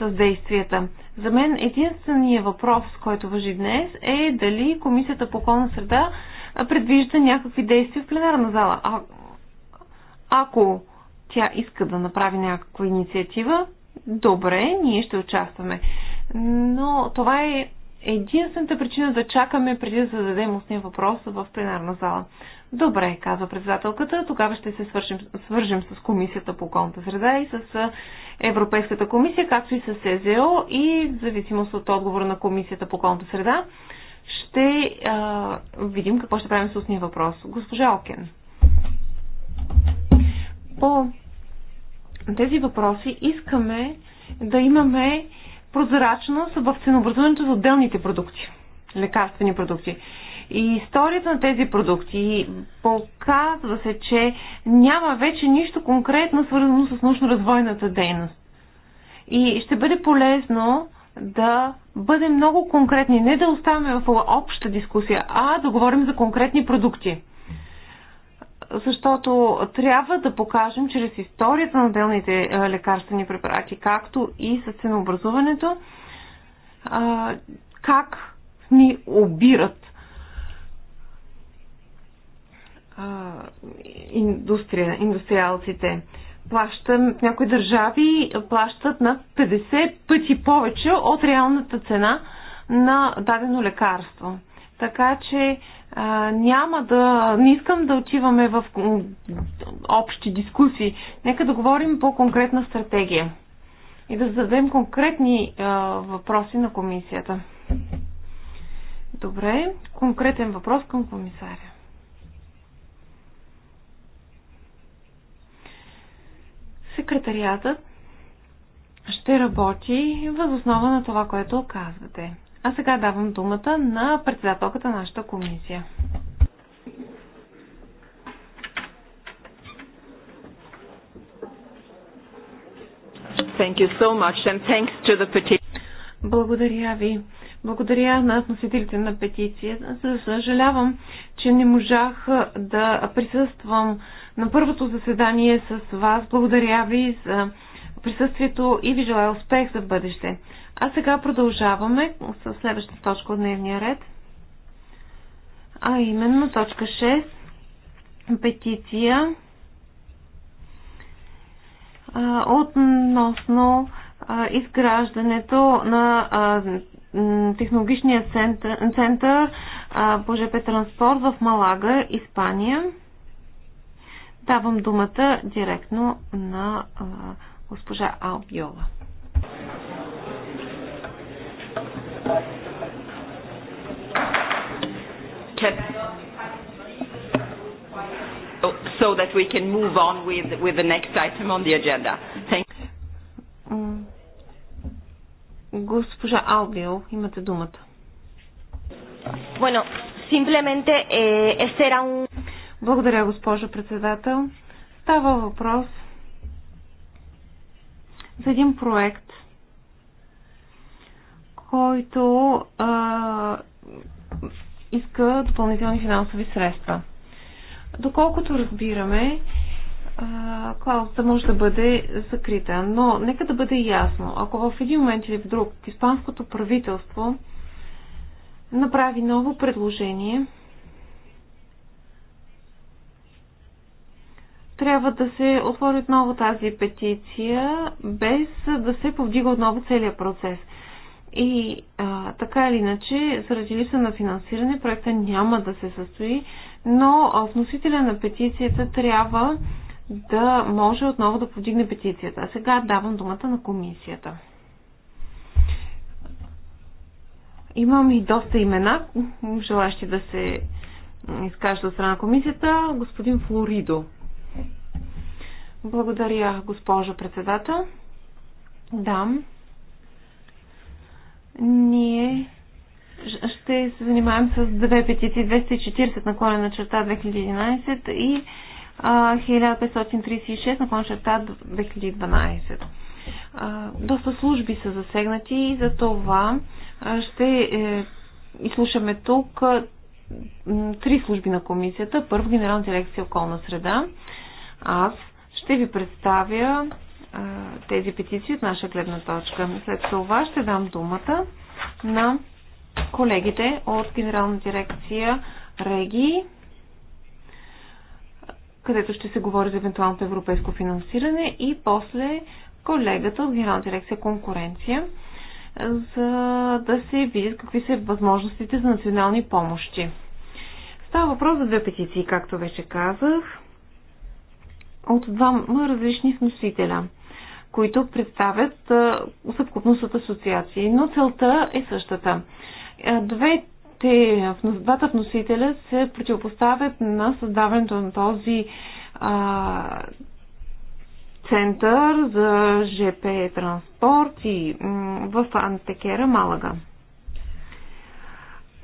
с действията. За мен единственият въпрос, който въжи днес е дали Комисията по околна среда предвижда някакви действия в пленарна зала. А, ако тя иска да направи някаква инициатива, добре, ние ще участваме. Но това е единствената причина да чакаме преди да зададем устния въпрос в пленарна зала. Добре, казва председателката, тогава ще се свържим, свържим с Комисията по околната среда и с Европейската комисия, както и с СЗО и в зависимост от отговора на Комисията по околната среда ще а, видим какво ще правим с устния въпрос. Госпожа Окен, по тези въпроси искаме да имаме прозрачност в ценообразуването за отделните продукти, лекарствени продукти. И историята на тези продукти показва се, че няма вече нищо конкретно свързано с научно-развойната дейност. И ще бъде полезно да бъдем много конкретни, не да оставаме в обща дискусия, а да говорим за конкретни продукти защото трябва да покажем чрез историята на отделните лекарствени препарати, както и с ценообразуването, как ни обират индустрия, индустриалците. Плащам, някои държави плащат над 50 пъти повече от реалната цена на дадено лекарство. Така че а, няма да. Не искам да отиваме в общи дискусии. Нека да говорим по конкретна стратегия и да зададем конкретни а, въпроси на комисията. Добре, конкретен въпрос към комисаря. Секретариатът ще работи възоснова на това, което оказвате. А сега давам думата на председателката на нашата комисия. Thank you so much and thanks to the Благодаря ви. Благодаря на носителите на петиция. Съжалявам, че не можах да присъствам на първото заседание с вас. Благодаря ви за присъствието и ви желая успех за бъдеще. А сега продължаваме с следващата точка от дневния ред. А именно точка 6. Петиция относно изграждането на технологичния център, център по ЖП транспорт в Малага, Испания. Давам думата директно на госпожа Албиола. so that we can move on with, with the next item on the agenda. Thank Госпожа Албио, имате думата. Bueno, simplemente eh, este era un... Благодаря, госпожо председател. Става въпрос за един проект, който а, иска допълнителни финансови средства. Доколкото разбираме, клаузата може да бъде закрита, но нека да бъде ясно, ако в един момент или в друг испанското правителство направи ново предложение, трябва да се отвори отново тази петиция, без да се повдига отново целият процес – и а, така или иначе, заради липса на финансиране, проекта няма да се състои, но вносителя на петицията трябва да може отново да подигне петицията. А сега давам думата на комисията. Имам и доста имена, желащи да се изкажат от страна на комисията. Господин Флоридо. Благодаря, госпожо председател. Да ние ще се занимаем с две петиции 240 наклона на черта 2011 и 1536 наклона черта 2012. Доста служби са засегнати и за това ще е, изслушаме тук три служби на комисията. Първо Генерална дирекция околна среда. Аз ще ви представя тези петиции от наша гледна точка. След това ще дам думата на колегите от Генерална дирекция Реги, където ще се говори за евентуалното европейско финансиране и после колегата от Генерална дирекция Конкуренция, за да се видят какви са възможностите за национални помощи. Става въпрос за две петиции, както вече казах, от два различни вносителя – които представят съвкупност от асоциации, но целта е същата. Е, двете, двата вносителя се противопоставят на създаването на този а, център за ЖП транспорт и в Антекера, Малага.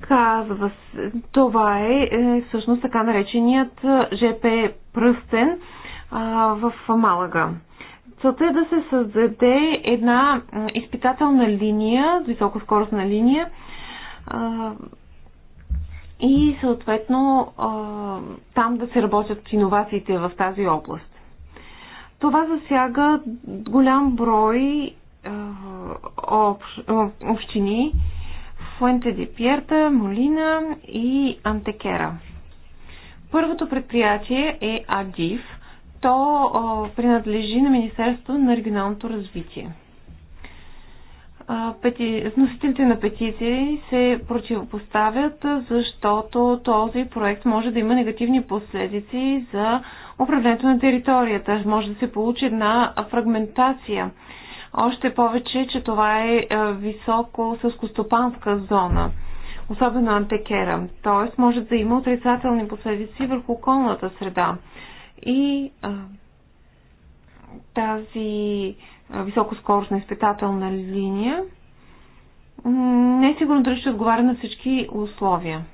Казва се, това е, е всъщност така нареченият ЖП пръстен а, в Малага. Целта е да се създаде една изпитателна линия, високоскоростна линия и съответно там да се работят иновациите в тази област. Това засяга голям брой общини Фуенте де Пьерта, Молина и Антекера. Първото предприятие е АДИВ – то принадлежи на Министерството на регионалното развитие. Пети... Вносителите на петиции се противопоставят, защото този проект може да има негативни последици за управлението на територията. Може да се получи една фрагментация. Още повече, че това е високо съскостопанска зона, особено Антекера, Тоест, може да има отрицателни последици върху околната среда и а, тази а, високоскоростна изпитателна линия не е сигурно дали ще отговаря на всички условия.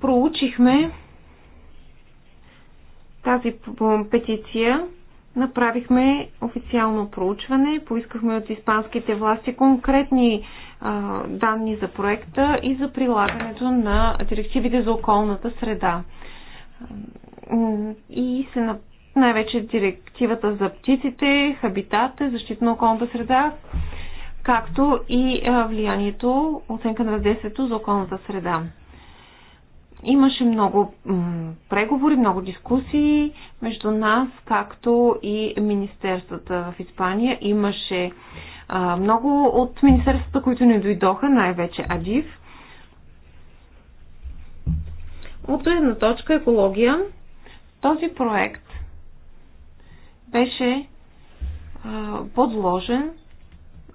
Проучихме тази петиция, направихме официално проучване, поискахме от испанските власти конкретни данни за проекта и за прилагането на директивите за околната среда. И се най-вече директивата за птиците, хабитата, защита на околната среда, както и влиянието, оценка на въздействието за околната среда. Имаше много преговори, много дискусии между нас, както и Министерствата в Испания. Имаше а, много от министерствата, които не дойдоха, най-вече Адив. От гледна точка екология, този проект беше а, подложен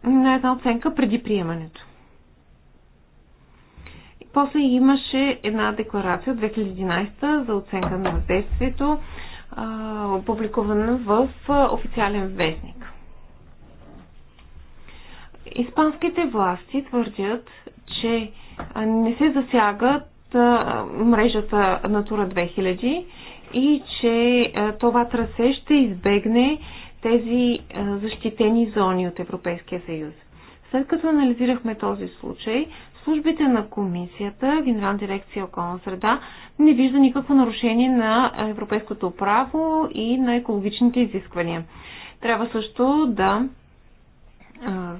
на една оценка преди приемането. И после имаше една декларация от 2011 за оценка на въздействието, публикувана в официален вестник. Испанските власти твърдят, че не се засягат мрежата Натура 2000 и че това трасе ще избегне тези защитени зони от Европейския съюз. След като анализирахме този случай, службите на комисията, Генерална дирекция околна среда, не вижда никакво нарушение на европейското право и на екологичните изисквания. Трябва също да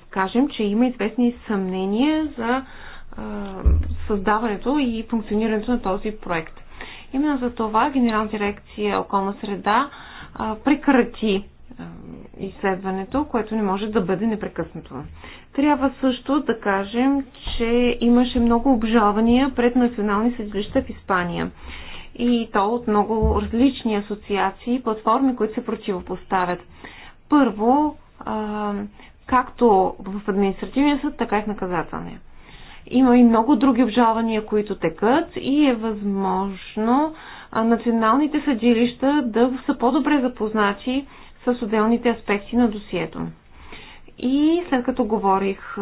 кажем, че има известни съмнения за създаването и функционирането на този проект. Именно за това Генерална дирекция околна среда прекрати изследването, което не може да бъде непрекъснато. Трябва също да кажем, че имаше много обжалвания пред национални съдилища в Испания. И то от много различни асоциации, платформи, които се противопоставят. Първо, както в административния съд, така и в наказателния. Има и много други обжалвания, които текат и е възможно националните съдилища да са по-добре запознати с отделните аспекти на досието. И след като говорих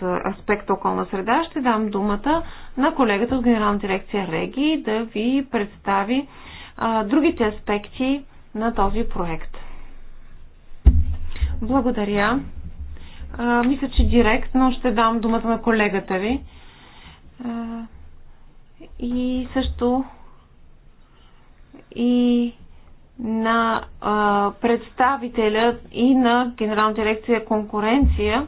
за аспект околна среда, ще дам думата на колегата от Генерална дирекция Реги да ви представи другите аспекти на този проект. Благодаря мисля, че директно ще дам думата на колегата ви. А, и също и на а, представителя и на Генерална дирекция конкуренция.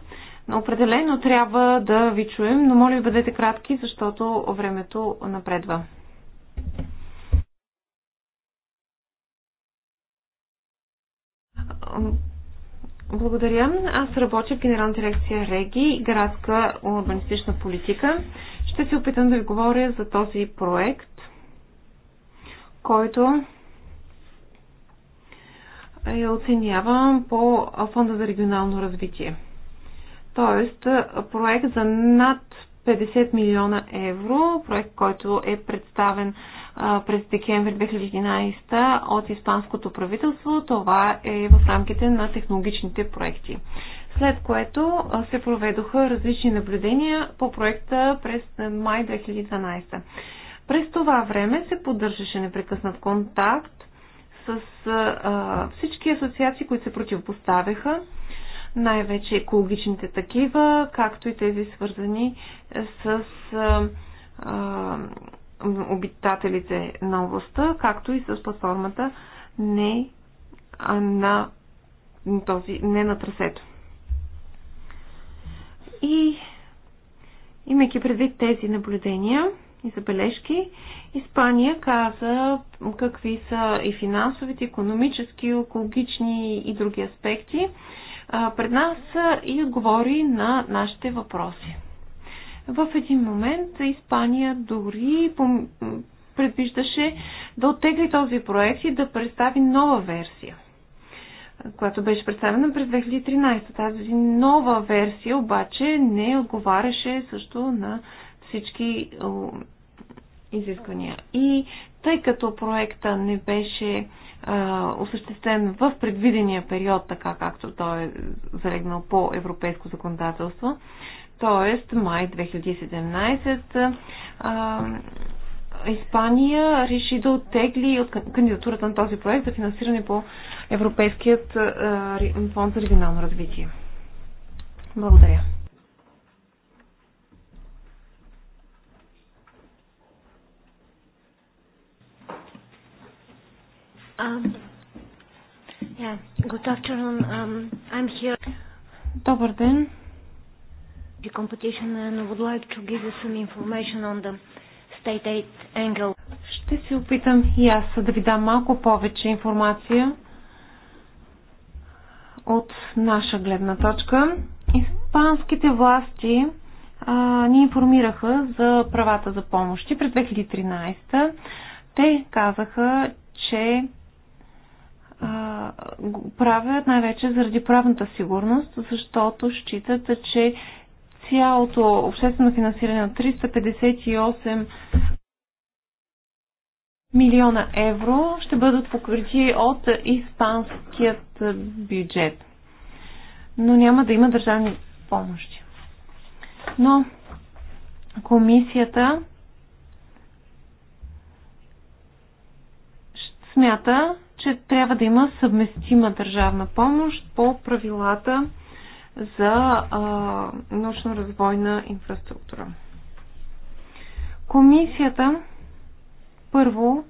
Определено трябва да ви чуем, но моля ви бъдете кратки, защото времето напредва. Благодаря. Аз работя в Генерална дирекция Реги и градска урбанистична политика. Ще се опитам да ви говоря за този проект, който я оценявам по Фонда за регионално развитие. Тоест, проект за над 50 милиона евро, проект, който е представен през декември 2011 от испанското правителство. Това е в рамките на технологичните проекти. След което се проведоха различни наблюдения по проекта през май 2012. През това време се поддържаше непрекъснат контакт с а, всички асоциации, които се противопоставяха, най-вече екологичните такива, както и тези свързани с а, а, обитателите на областта, както и с платформата не на, този, не на трасето. И имайки предвид тези наблюдения и забележки, Испания каза какви са и финансовите, економически, екологични и други аспекти пред нас и отговори на нашите въпроси в един момент Испания дори предвиждаше да оттегли този проект и да представи нова версия, която беше представена през 2013. Тази нова версия обаче не отговаряше също на всички изисквания. И тъй като проекта не беше а, осъществен в предвидения период, така както той е залегнал по европейско законодателство, т.е. май 2017 а, Испания реши да оттегли от кандидатурата на този проект за финансиране по Европейският а, фонд за регионално развитие. Благодаря. Um, yeah. Good afternoon. Um, I'm here. Добър ден the competition and would like to give you some information on the state aid angle. Ще се опитам и аз да ви дам малко повече информация от наша гледна точка. Испанските власти а, ни информираха за правата за помощи през 2013. Те казаха, че а, го правят най-вече заради правната сигурност, защото считат, че цялото обществено финансиране на 358 милиона евро ще бъдат покрити от испанският бюджет. Но няма да има държавни помощи. Но комисията смята, че трябва да има съвместима държавна помощ по правилата за научно-развойна инфраструктура. Комисията първо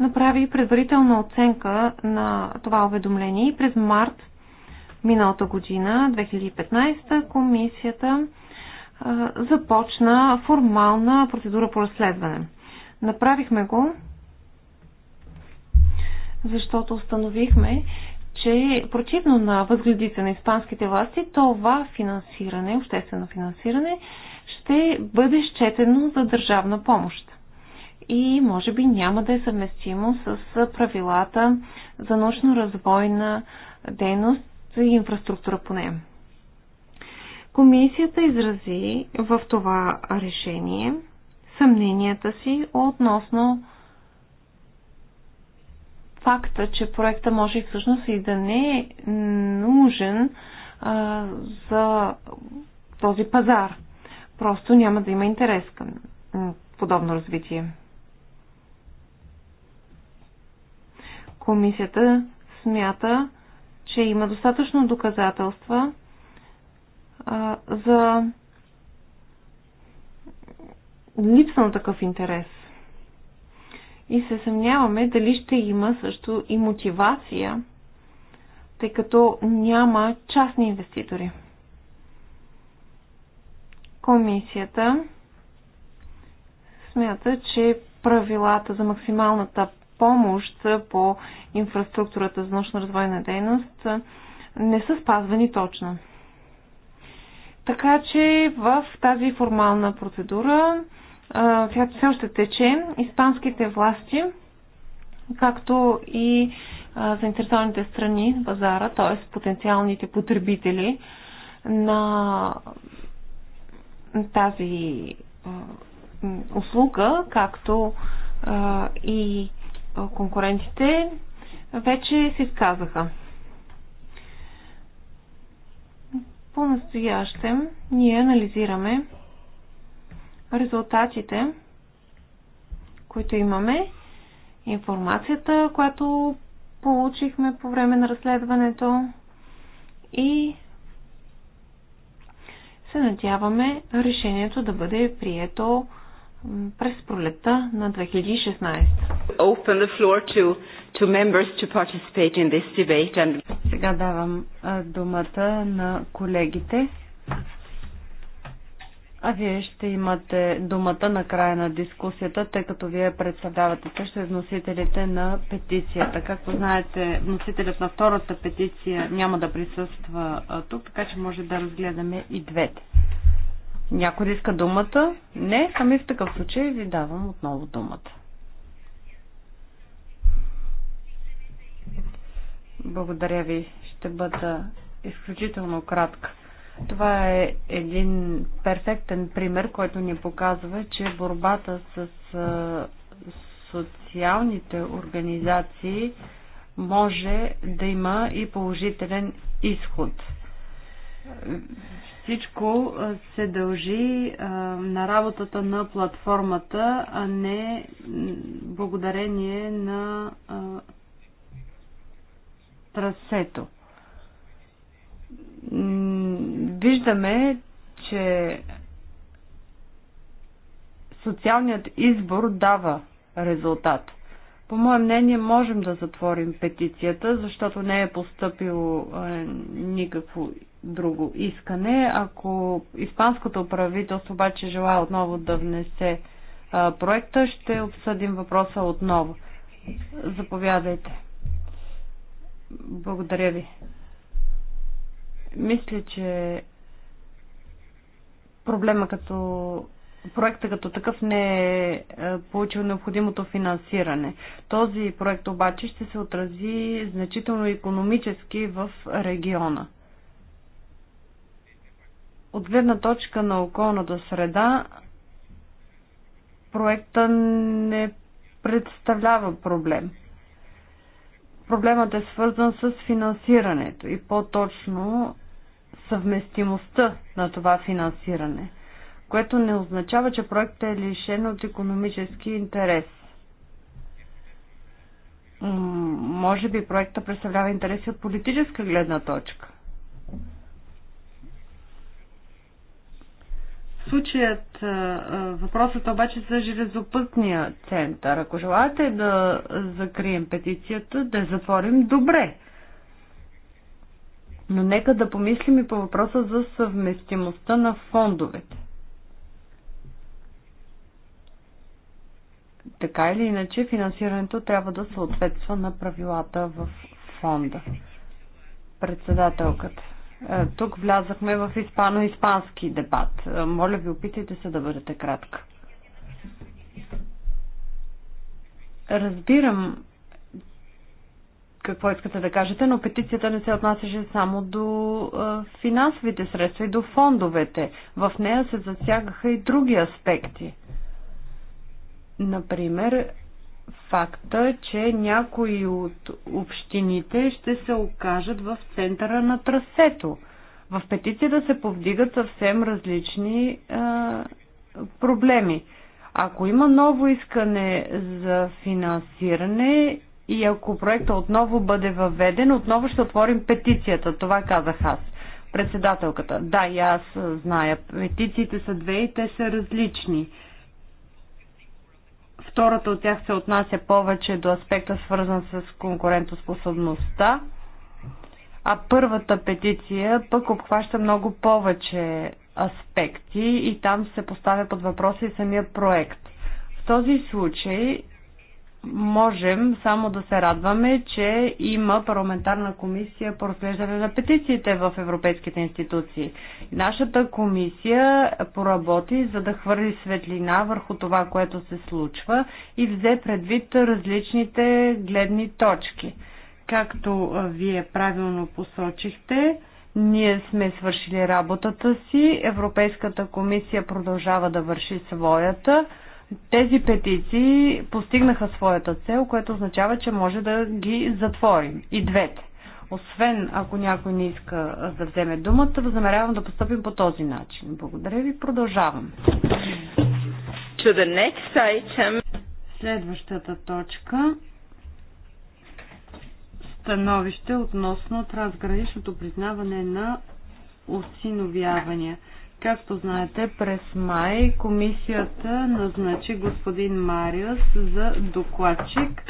направи предварителна оценка на това уведомление и през март миналата година, 2015, комисията а, започна формална процедура по разследване. Направихме го, защото установихме, че противно на възгледите на испанските власти, това финансиране, обществено финансиране, ще бъде счетено за държавна помощ. И може би няма да е съвместимо с правилата за научно-развойна дейност и инфраструктура по нея. Комисията изрази в това решение съмненията си относно факта, че проекта може и всъщност и да не е нужен а, за този пазар. Просто няма да има интерес към подобно развитие. Комисията смята, че има достатъчно доказателства а, за липса на такъв интерес. И се съмняваме дали ще има също и мотивация, тъй като няма частни инвеститори. Комисията смята, че правилата за максималната помощ по инфраструктурата за научно-развойна дейност не са спазвани точно. Така че в тази формална процедура която все още тече, испанските власти, както и заинтересованите страни, базара, т.е. потенциалните потребители на тази услуга, както и конкурентите, вече се изказаха. По-настоящем ние анализираме резултатите, които имаме, информацията, която получихме по време на разследването и се надяваме решението да бъде прието през пролетта на 2016. Open the floor to, to members to participate in this debate and... Сега давам думата на колегите. А вие ще имате думата на края на дискусията, тъй като вие представлявате също износителите вносителите на петицията. Както знаете, вносителят на втората петиция няма да присъства тук, така че може да разгледаме и двете. Някой иска думата? Не, ами в такъв случай ви давам отново думата. Благодаря ви. Ще бъда изключително кратка. Това е един перфектен пример, който ни показва, че борбата с социалните организации може да има и положителен изход. Всичко се дължи на работата на платформата, а не благодарение на трасето виждаме, че социалният избор дава резултат. По мое мнение, можем да затворим петицията, защото не е поступило е, никакво друго искане. Ако испанското правителство обаче желая отново да внесе е, проекта, ще обсъдим въпроса отново. Заповядайте. Благодаря ви. Мисля, че проблема като проекта като такъв не е, е получил необходимото финансиране. Този проект обаче ще се отрази значително економически в региона. От гледна точка на околната среда, проекта не представлява проблем. Проблемът е свързан с финансирането и по-точно съвместимостта на това финансиране, което не означава, че проектът е лишен от економически интерес. Може би проектът представлява интереси от политическа гледна точка. случаят въпросът обаче за железопътния център. Ако желаете да закрием петицията, да я затворим, добре. Но нека да помислим и по въпроса за съвместимостта на фондовете. Така или иначе, финансирането трябва да съответства на правилата в фонда. Председателката. Е, тук влязахме в испано-испански дебат. Е, моля ви, опитайте се да бъдете кратка. Разбирам какво искате да кажете, но петицията не се отнасяше само до финансовите средства и до фондовете. В нея се засягаха и други аспекти. Например, факта, че някои от общините ще се окажат в центъра на трасето. В петицията се повдигат съвсем различни а, проблеми. Ако има ново искане за финансиране, и ако проекта отново бъде въведен, отново ще отворим петицията. Това казах аз. Председателката. Да, и аз зная. Петициите са две и те са различни. Втората от тях се отнася повече до аспекта свързан с конкурентоспособността, а първата петиция пък обхваща много повече аспекти и там се поставя под въпроса и самия проект. В този случай можем само да се радваме, че има парламентарна комисия по разглеждане на петициите в европейските институции. Нашата комисия поработи, за да хвърли светлина върху това, което се случва и взе предвид различните гледни точки. Както вие правилно посочихте, ние сме свършили работата си, Европейската комисия продължава да върши своята. Тези петиции постигнаха своята цел, което означава, че може да ги затворим. И двете. Освен ако някой не иска да вземе думата, възнамерявам да поступим по този начин. Благодаря ви. Продължавам. To the next item. Следващата точка становище относно трансграничното признаване на осиновявания. Както знаете, през май комисията назначи господин Мариус за докладчик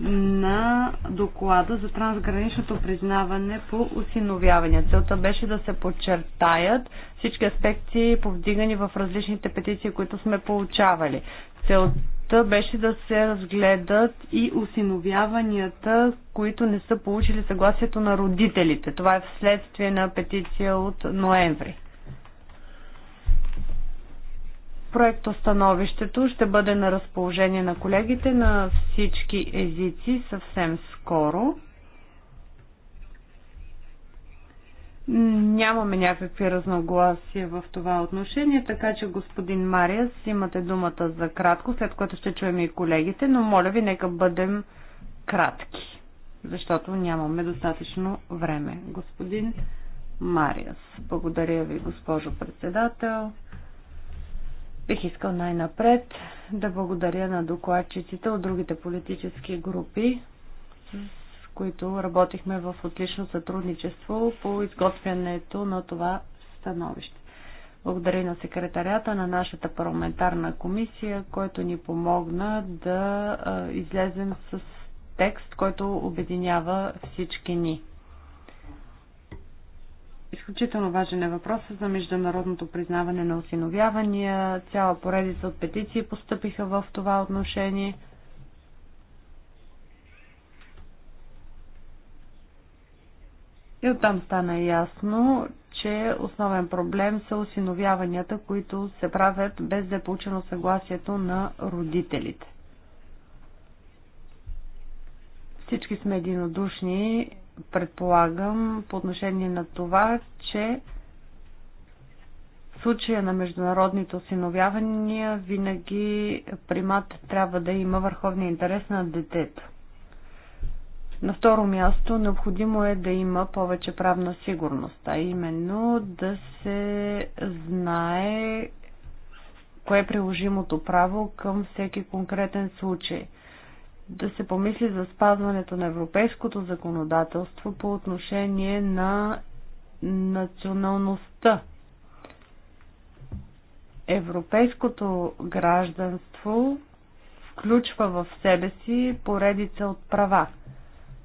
на доклада за трансграничното признаване по осиновяване. Целта беше да се подчертаят всички аспекти, повдигани в различните петиции, които сме получавали. Целта беше да се разгледат и осиновяванията, които не са получили съгласието на родителите. Това е вследствие на петиция от ноември. Проектостановището ще бъде на разположение на колегите на всички езици съвсем скоро. Нямаме някакви разногласия в това отношение, така че господин Мариас, имате думата за кратко, след което ще чуем и колегите, но моля ви, нека бъдем кратки, защото нямаме достатъчно време. Господин Мариас, благодаря ви, госпожо председател. Бих искал най-напред да благодаря на докладчиците от другите политически групи, с които работихме в отлично сътрудничество по изготвянето на това становище. Благодаря на секретарята на нашата парламентарна комисия, който ни помогна да излезем с текст, който обединява всички ни. Изключително важен е въпросът за международното признаване на осиновявания. Цяла поредица от петиции поступиха в това отношение. И оттам стана ясно, че основен проблем са осиновяванията, които се правят без да е получено съгласието на родителите. Всички сме единодушни, предполагам, по отношение на това, че в случая на международните осиновявания винаги примат трябва да има върховния интерес на детето. На второ място, необходимо е да има повече правна сигурност, а именно да се знае кое е приложимото право към всеки конкретен случай – да се помисли за спазването на европейското законодателство по отношение на националността. Европейското гражданство включва в себе си поредица от права.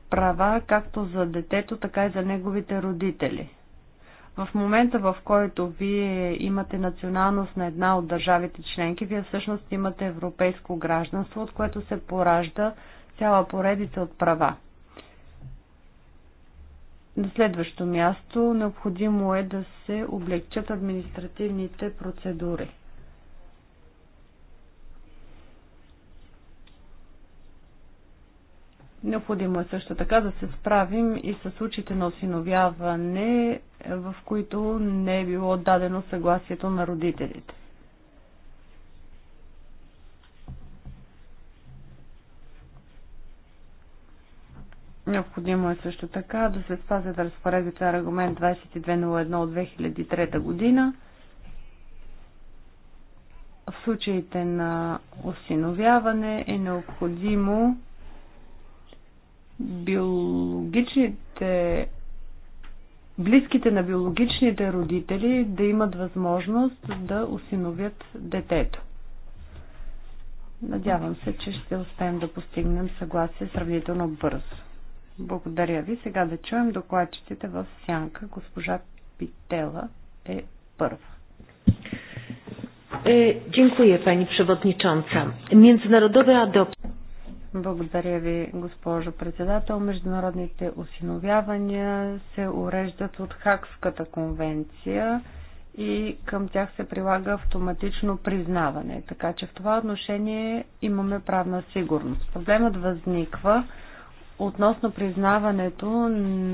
Права както за детето, така и за неговите родители – в момента, в който вие имате националност на една от държавите членки, вие всъщност имате европейско гражданство, от което се поражда цяла поредица от права. На следващо място необходимо е да се облегчат административните процедури. Необходимо е също така да се справим и с случаите на осиновяване, в които не е било дадено съгласието на родителите. Необходимо е също така да се спазят разпоредбите на регламент 2201 от 2003 година. В случаите на осиновяване е необходимо биологичните близките на биологичните родители да имат възможност да осиновят детето. Надявам се, че ще успеем да постигнем съгласие сравнително бързо. Благодаря ви. Сега да чуем докладчиците в сянка. Госпожа Питела е първа. Dziękuję Pani Przewodnicząca. Międzynarodowe adopcje. Благодаря ви, госпожо председател. Международните осиновявания се уреждат от Хакската конвенция и към тях се прилага автоматично признаване. Така че в това отношение имаме правна сигурност. Проблемът възниква относно признаването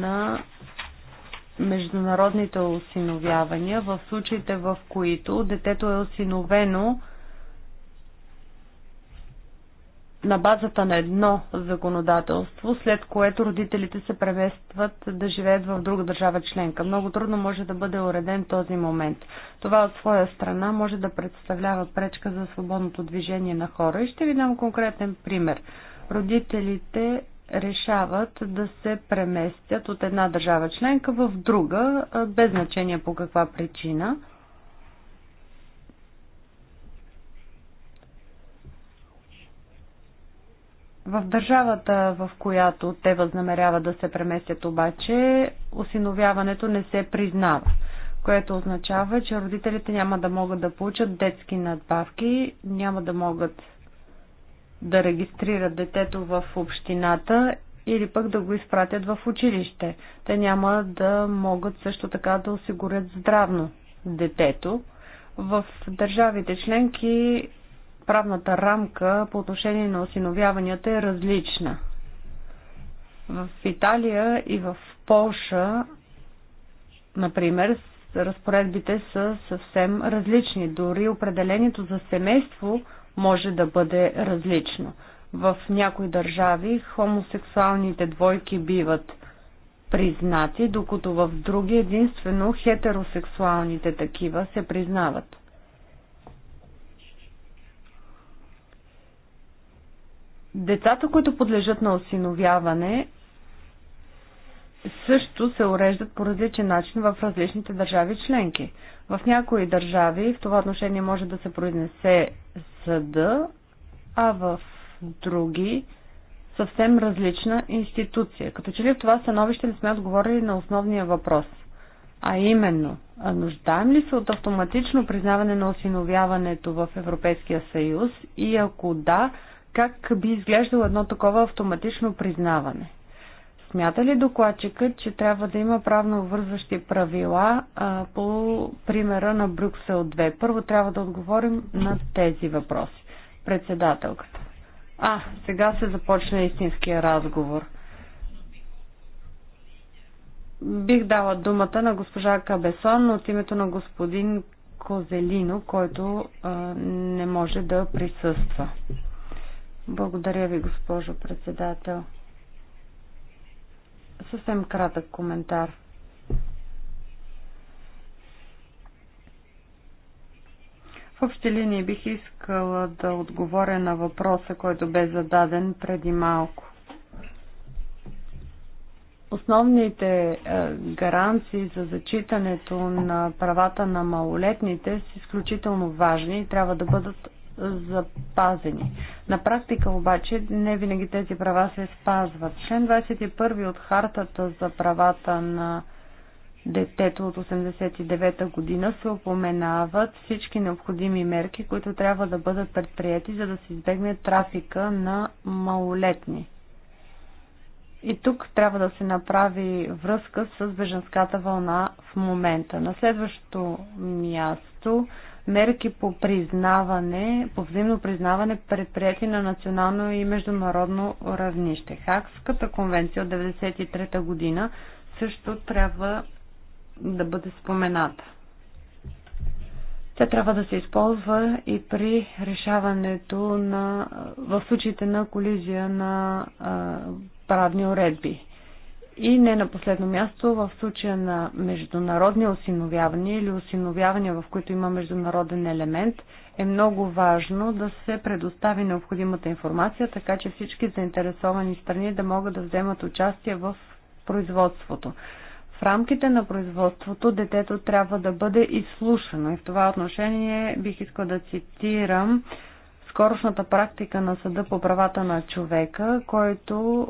на международните осиновявания в случаите, в които детето е осиновено на базата на едно законодателство, след което родителите се преместват да живеят в друга държава членка. Много трудно може да бъде уреден този момент. Това от своя страна може да представлява пречка за свободното движение на хора. И ще ви дам конкретен пример. Родителите решават да се преместят от една държава членка в друга, без значение по каква причина – В държавата, в която те възнамеряват да се преместят обаче, осиновяването не се признава, което означава, че родителите няма да могат да получат детски надбавки, няма да могат да регистрират детето в общината или пък да го изпратят в училище. Те няма да могат също така да осигурят здравно детето. В държавите членки правната рамка по отношение на осиновяванията е различна. В Италия и в Полша, например, разпоредбите са съвсем различни. Дори определението за семейство може да бъде различно. В някои държави хомосексуалните двойки биват признати, докато в други единствено хетеросексуалните такива се признават. Децата, които подлежат на осиновяване, също се уреждат по различен начин в различните държави членки. В някои държави в това отношение може да се произнесе съда, а в други съвсем различна институция. Като че ли в това становище не сме отговорили на основния въпрос, а именно, нуждаем ли се от автоматично признаване на осиновяването в Европейския съюз и ако да, как би изглеждало едно такова автоматично признаване? Смята ли докладчикът, че трябва да има правно вързващи правила а, по примера на Брюксел 2? Първо трябва да отговорим на тези въпроси. Председателката. А, сега се започна истинския разговор. Бих дала думата на госпожа Кабесон от името на господин Козелино, който а, не може да присъства. Благодаря ви, госпожо председател. Съвсем кратък коментар. В общи линии бих искала да отговоря на въпроса, който бе зададен преди малко. Основните е, гаранции за зачитането на правата на малолетните са изключително важни и трябва да бъдат запазени. На практика обаче не винаги тези права се спазват. Член 21 от Хартата за правата на детето от 89-та година се упоменават всички необходими мерки, които трябва да бъдат предприяти, за да се избегне трафика на малолетни. И тук трябва да се направи връзка с беженската вълна в момента. На следващото място мерки по признаване, по взаимно признаване, предприяти на национално и международно равнище. Хакската конвенция от 1993 година също трябва да бъде спомената. Тя трябва да се използва и при решаването на, в случаите на колизия на а, правни уредби. И не на последно място, в случая на международни осиновявания или осиновявания, в които има международен елемент, е много важно да се предостави необходимата информация, така че всички заинтересовани страни да могат да вземат участие в производството. В рамките на производството детето трябва да бъде изслушано и в това отношение бих искал да цитирам скорошната практика на Съда по правата на човека, който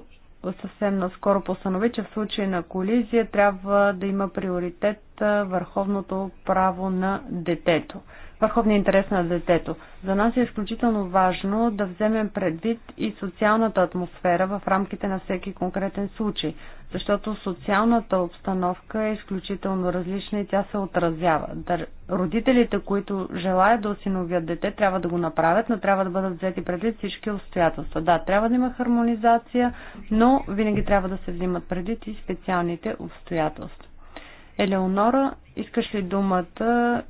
съвсем наскоро постанови, че в случай на колизия трябва да има приоритет върховното право на детето върховния интерес на детето. За нас е изключително важно да вземем предвид и социалната атмосфера в рамките на всеки конкретен случай, защото социалната обстановка е изключително различна и тя се отразява. Родителите, които желаят да осиновят дете, трябва да го направят, но трябва да бъдат взети предвид всички обстоятелства. Да, трябва да има хармонизация, но винаги трябва да се взимат предвид и специалните обстоятелства. Елеонора, искаш ли думата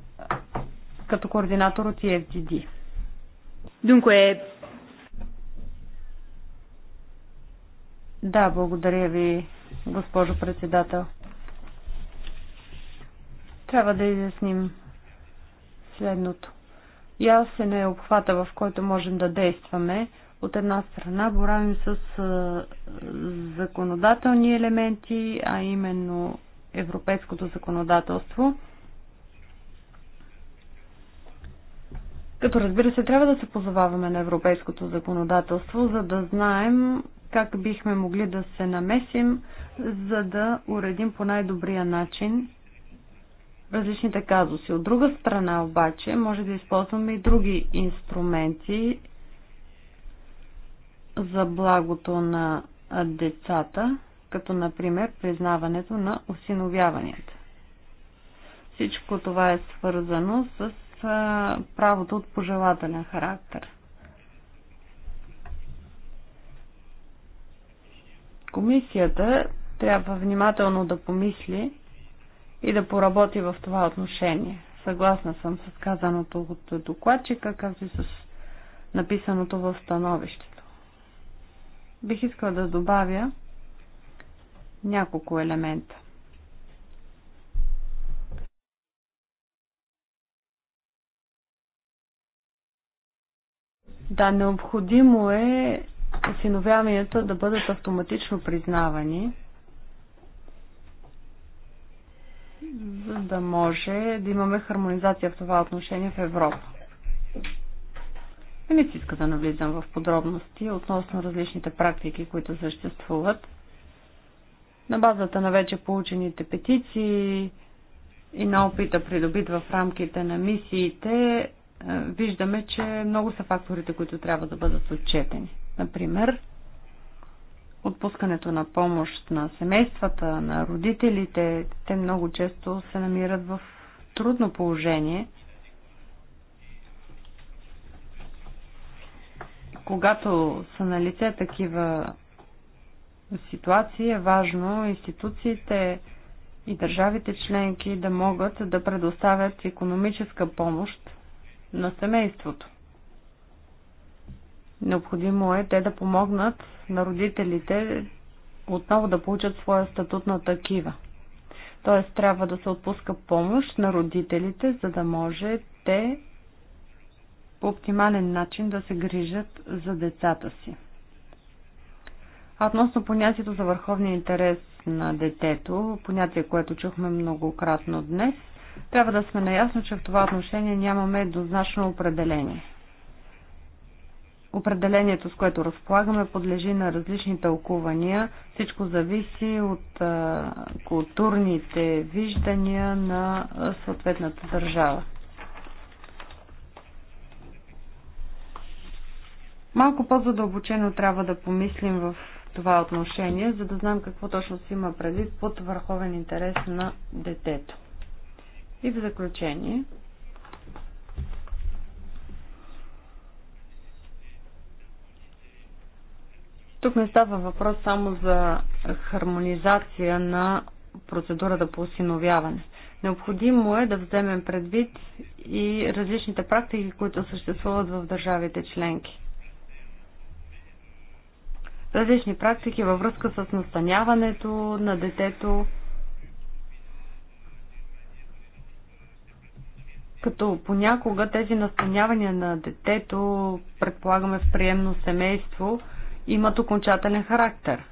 като координатор от EFDD. Е, е. Да, благодаря ви, госпожо председател. Трябва да изясним следното. Ясен е обхвата, в който можем да действаме. От една страна боравим с законодателни елементи, а именно европейското законодателство. Като разбира се, трябва да се позоваваме на европейското законодателство, за да знаем как бихме могли да се намесим, за да уредим по най-добрия начин различните казуси. От друга страна обаче може да използваме и други инструменти за благото на децата, като например признаването на осиновяванията. Всичко това е свързано с правото от пожелателен характер. Комисията трябва внимателно да помисли и да поработи в това отношение. Съгласна съм с казаното от докладчика, както и с написаното в становището. Бих искала да добавя няколко елемента. Да, необходимо е осиновяванията да бъдат автоматично признавани, за да може да имаме хармонизация в това отношение в Европа. Не си иска да навлизам в подробности относно различните практики, които съществуват. На базата на вече получените петиции и на опита придобит в рамките на мисиите, е, виждаме, че много са факторите, които трябва да бъдат отчетени. Например, отпускането на помощ на семействата, на родителите, те много често се намират в трудно положение, когато са на лице такива ситуации, е важно институциите и държавите членки да могат да предоставят економическа помощ на семейството. Необходимо е те да помогнат на родителите отново да получат своя статут на такива. Т.е. трябва да се отпуска помощ на родителите, за да може те по оптимален начин да се грижат за децата си. А относно понятието за върховния интерес на детето, понятие, което чухме многократно днес, трябва да сме наясно, че в това отношение нямаме еднозначно определение. Определението, с което разполагаме, подлежи на различни тълкувания. Всичко зависи от а, културните виждания на съответната държава. Малко по-задълбочено трябва да помислим в това отношение, за да знам какво точно си има предвид под върховен интерес на детето. И в заключение, тук не става въпрос само за хармонизация на процедурата по осиновяване. Необходимо е да вземем предвид и различните практики, които съществуват в държавите членки. Различни практики във връзка с настаняването на детето, като понякога тези настанявания на детето, предполагаме в приемно семейство, имат окончателен характер.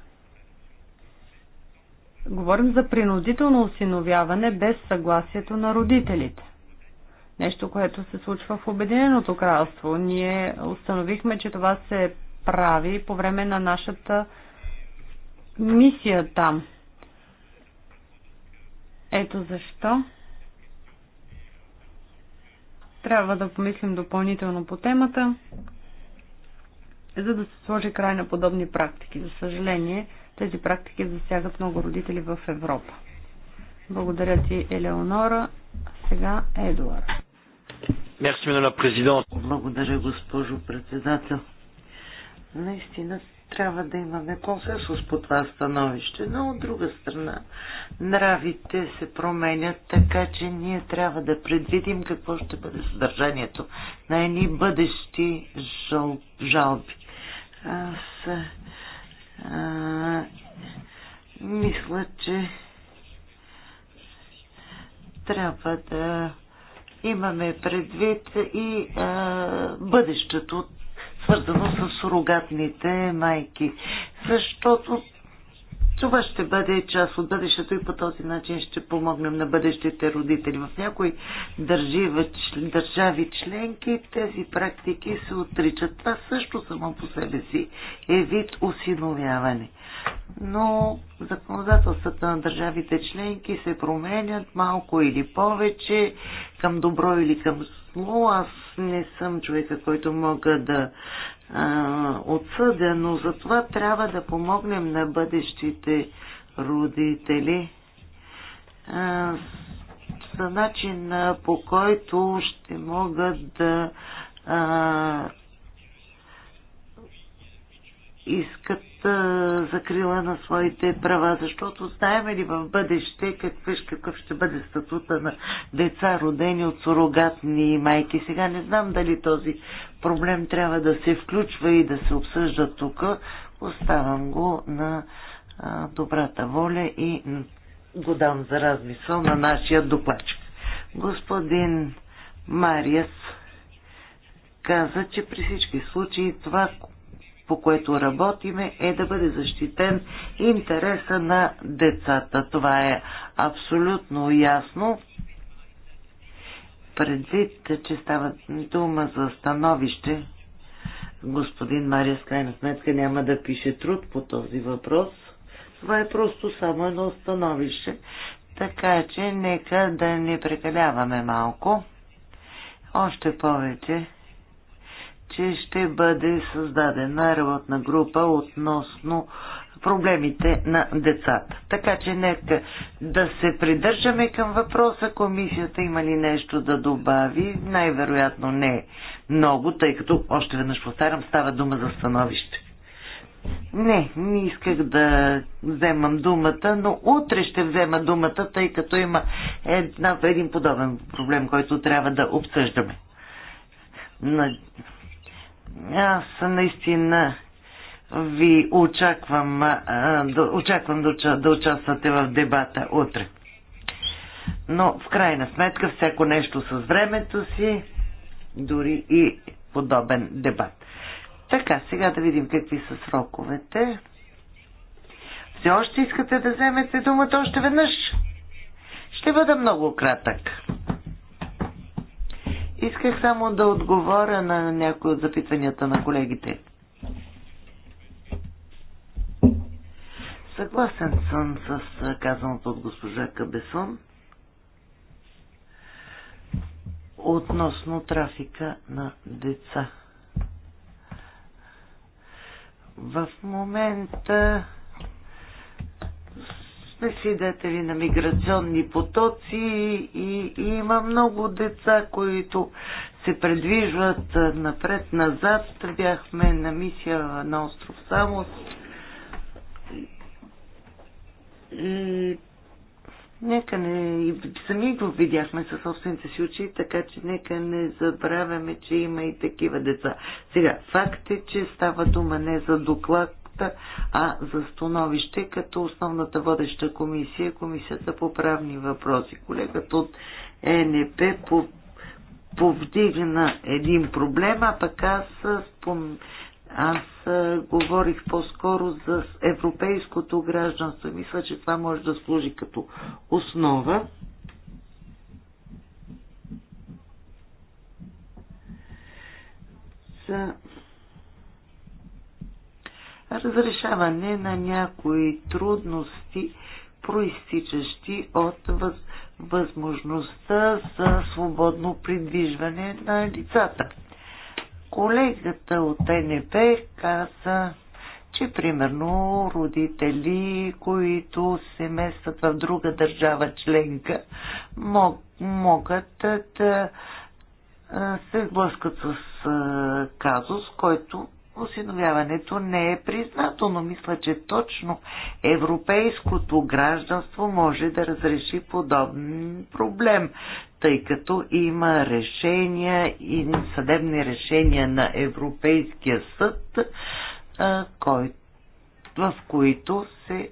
Говорим за принудително осиновяване без съгласието на родителите. Нещо, което се случва в Обединеното кралство. Ние установихме, че това се прави по време на нашата мисия там. Ето защо. Трябва да помислим допълнително по темата, за да се сложи край на подобни практики. За съжаление, тези практики засягат много родители в Европа. Благодаря ти, Елеонора. Сега Едуард. Благодаря, госпожо председател. Наистина трябва да имаме консенсус по това становище, но от друга страна нравите се променят, така че ние трябва да предвидим какво ще бъде съдържанието на едни бъдещи жал... жалби. Аз а, мисля, че трябва да имаме предвид и а, бъдещето свързано с сурогатните майки. Защото това ще бъде част от бъдещето и по този начин ще помогнем на бъдещите родители. В някои държави, членки тези практики се отричат. Това също само по себе си е вид осиновяване. Но законодателствата на държавите членки се променят малко или повече към добро или към но аз не съм човека, който мога да а, отсъдя, но затова трябва да помогнем на бъдещите родители а, за начин по който ще могат да а, искат закрила на своите права, защото знаем ли в бъдеще какъв, какъв ще бъде статута на деца, родени от сурогатни майки. Сега не знам дали този проблем трябва да се включва и да се обсъжда тук. Оставам го на а, добрата воля и го дам за размисъл на нашия докладчик. Господин Мариас каза, че при всички случаи това, по което работиме, е да бъде защитен интереса на децата. Това е абсолютно ясно. Предвид, че става дума за становище, господин Мария Скрайна сметка няма да пише труд по този въпрос. Това е просто само едно становище. Така че нека да не прекаляваме малко. Още повече, че ще бъде създадена работна група относно проблемите на децата. Така че нека да се придържаме към въпроса, комисията има ли нещо да добави, най-вероятно не много, тъй като, още веднъж повтарям, става дума за становище. Не, не исках да вземам думата, но утре ще взема думата, тъй като има една, един подобен проблем, който трябва да обсъждаме. Аз наистина ви очаквам, да, очаквам да, да участвате в дебата утре. Но в крайна сметка всяко нещо с времето си, дори и подобен дебат. Така, сега да видим какви са сроковете. Все още искате да вземете думата още веднъж? Ще бъда много кратък. Исках само да отговоря на някои от запитванията на колегите. Съгласен съм с казаното от госпожа Кабесон относно трафика на деца. В момента сме свидетели на миграционни потоци и, и има много деца, които се предвижват напред-назад. Бяхме на мисия на остров Самос. И нека не... И сами го видяхме със собствените си очи, така че нека не забравяме, че има и такива деца. Сега, факт е, че става дума не за доклад, а за становище като основната водеща комисия, комисията по правни въпроси. Колегата от ЕНП по повдигна един проблем, а пък аз, спом... аз говорих по-скоро за европейското гражданство. Мисля, че това може да служи като основа. за разрешаване на някои трудности, проистичащи от въз, възможността за свободно придвижване на лицата. Колегата от НП каза, че примерно родители, които се местват в друга държава членка, мог, могат да се сблъскат с казус, който осиновяването не е признато, но мисля, че точно европейското гражданство може да разреши подобен проблем, тъй като има решения и съдебни решения на Европейския съд, в които се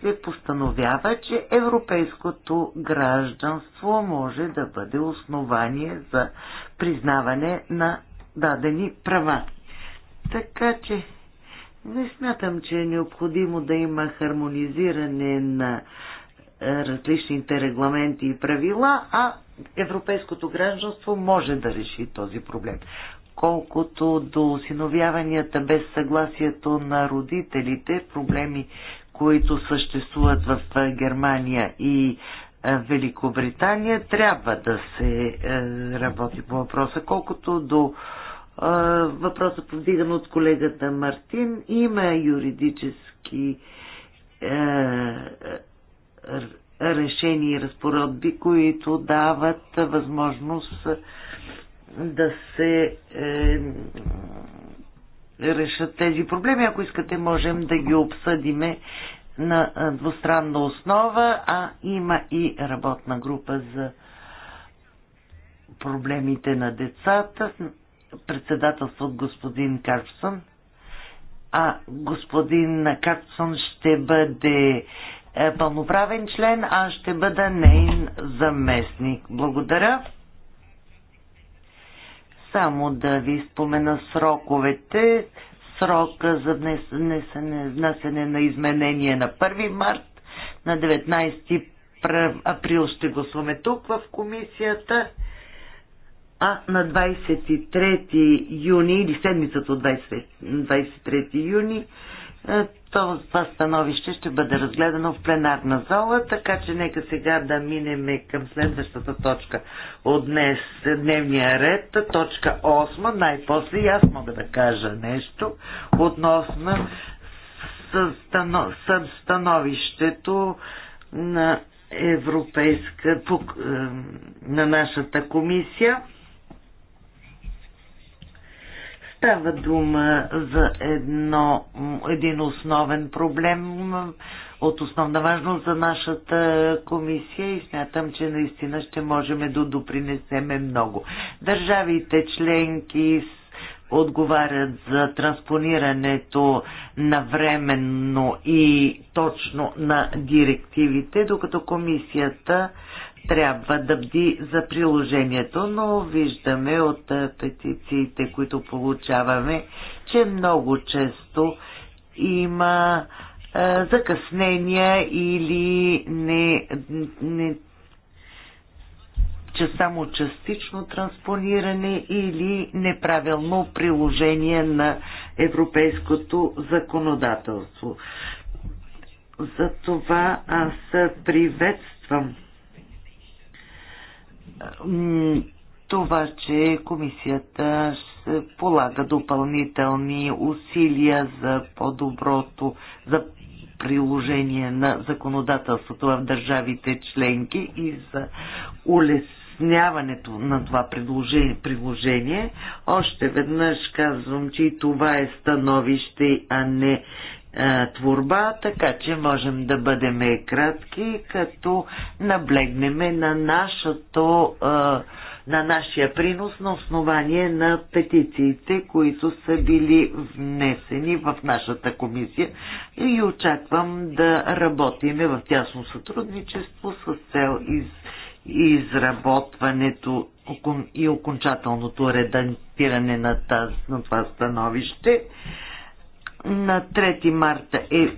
се постановява, че европейското гражданство може да бъде основание за признаване на дадени права. Така че не смятам, че е необходимо да има хармонизиране на е, различните регламенти и правила, а европейското гражданство може да реши този проблем. Колкото до осиновяванията без съгласието на родителите, проблеми, които съществуват в Германия и Великобритания, трябва да се работи по въпроса. Колкото до въпроса повдиган от колегата Мартин, има юридически решения и разпоредби, които дават възможност да се е, решат тези проблеми. Ако искате, можем да ги обсъдиме на двустранна основа, а има и работна група за проблемите на децата, председателство от господин Карпсон. А господин Карпсон ще бъде е, пълноправен член, а ще бъда нейн заместник. Благодаря. Само да ви спомена сроковете. Срока за внесене на изменение на 1 март, на 19 април ще гласуваме тук в комисията, а на 23 юни или седмицата от 23 юни е, това становище ще бъде разгледано в пленарна зала, така че нека сега да минем към следващата точка от днес, дневния ред, точка 8, най-после и аз мога да кажа нещо относно становището на Европейска, е, на нашата комисия Става дума за едно, един основен проблем от основна важност за нашата комисия и смятам, че наистина ще можем да допринесеме много. Държавите членки отговарят за транспонирането навременно и точно на директивите, докато комисията трябва да бди за приложението, но виждаме от петициите, които получаваме, че много често има закъснения или не, не че само частично транспониране или неправилно приложение на европейското законодателство. Затова аз приветствам това, че комисията полага допълнителни усилия за по-доброто, за приложение на законодателството в държавите членки и за улесняването на това предложение. Още веднъж казвам, че и това е становище, а не творба, така че можем да бъдем кратки, като наблегнеме на нашето на нашия принос на основание на петициите, които са били внесени в нашата комисия и очаквам да работиме в тясно сътрудничество с цел из, изработването и окончателното редактиране на, таз, на това становище. На 3 марта е, е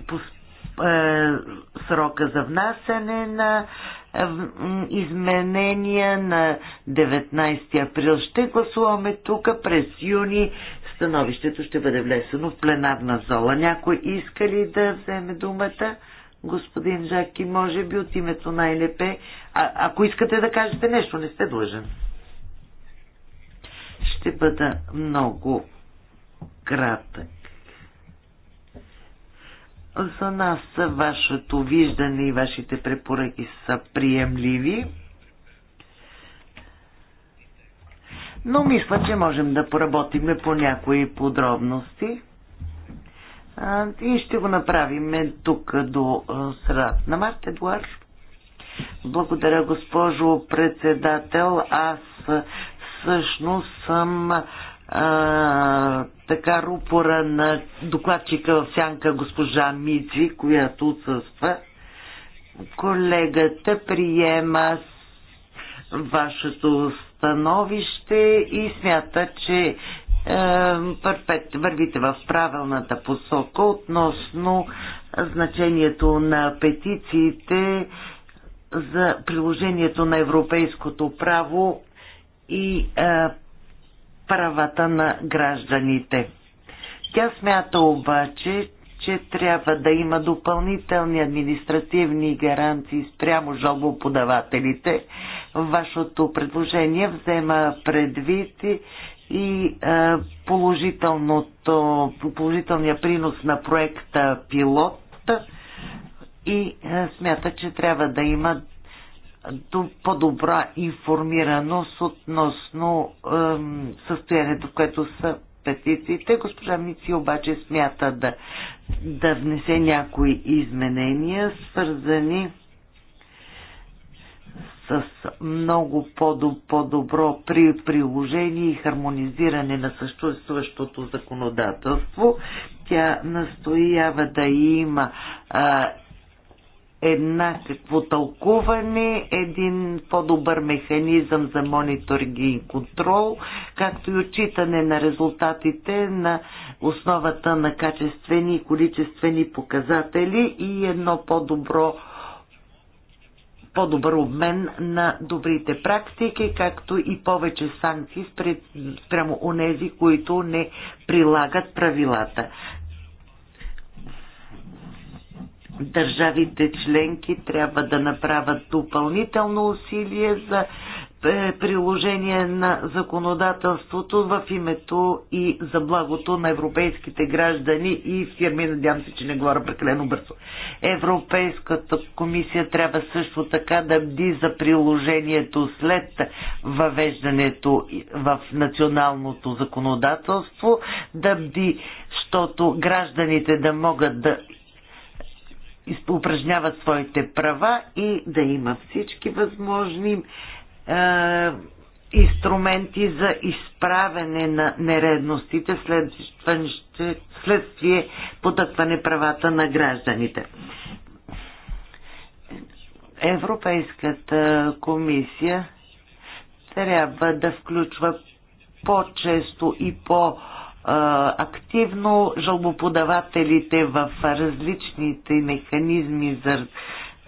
срока за внасяне на е, изменения на 19 април. Ще гласуваме тук през юни. Становището ще бъде влесено в пленарна зала. Някой иска ли да вземе думата? Господин Жаки, може би от името на ЛП. Е а, ако искате да кажете нещо, не сте длъжен. Ще бъда много кратък за нас вашето виждане и вашите препоръки са приемливи. Но мисля, че можем да поработиме по някои подробности. И ще го направим тук до средата на март, Едуард. Благодаря, госпожо председател. Аз всъщност съм а, така рупора на докладчика в сянка госпожа Мици, която отсъства. Колегата приема вашето становище и смята, че е, перфект, вървите в правилната посока относно значението на петициите за приложението на европейското право и а, е, правата на гражданите. Тя смята обаче, че трябва да има допълнителни административни гаранции спрямо жалбоподавателите. Вашето предложение взема предвид и положителното, положителния принос на проекта Пилот и смята, че трябва да има по-добра информираност относно ем, състоянието, в което са петициите. Госпожа Мици обаче смята да, да внесе някои изменения, свързани с много по-добро при приложение и хармонизиране на съществуващото законодателство. Тя настоява да има а, еднакво тълкуване, един по-добър механизъм за мониторинг и контрол, както и отчитане на резултатите на основата на качествени и количествени показатели и едно по-добро по-добър обмен на добрите практики, както и повече санкции спрямо онези, които не прилагат правилата държавите членки трябва да направят допълнително усилие за е, приложение на законодателството в името и за благото на европейските граждани и фирми. Надявам се, че не говоря прекалено бързо. Европейската комисия трябва също така да бди за приложението след въвеждането в националното законодателство, да бди, защото гражданите да могат да упражняват своите права и да има всички възможни е, инструменти за изправене на нередностите след, следствие потъпване правата на гражданите. Европейската комисия трябва да включва по-често и по- активно жалбоподавателите в различните механизми, за,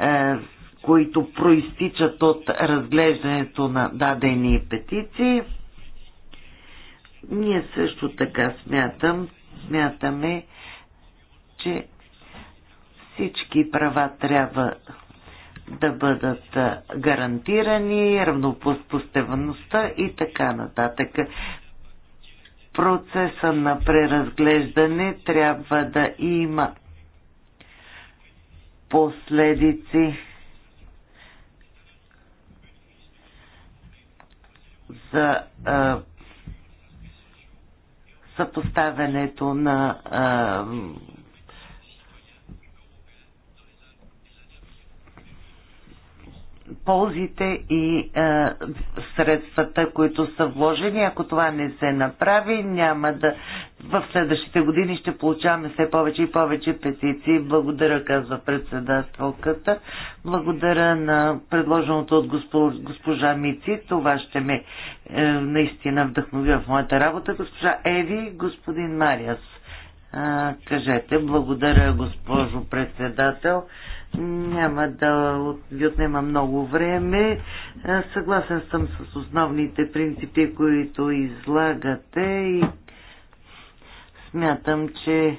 е, които проистичат от разглеждането на дадени петиции. Ние също така смятам, смятаме, че всички права трябва да бъдат е, гарантирани, равнопоставеността и така нататък процеса на преразглеждане трябва да има последици за а, съпоставянето на а, ползите и е, средствата, които са вложени. Ако това не се направи, няма да. В следващите години ще получаваме все повече и повече петиции. Благодаря, казва председателката. Благодаря на предложеното от госпожа Мици. Това ще ме е, наистина вдъхнови в моята работа. Госпожа Еви, господин Мариас. Е, кажете, благодаря, госпожо председател. Няма да ви отнема много време. Е, съгласен съм с основните принципи, които излагате и смятам, че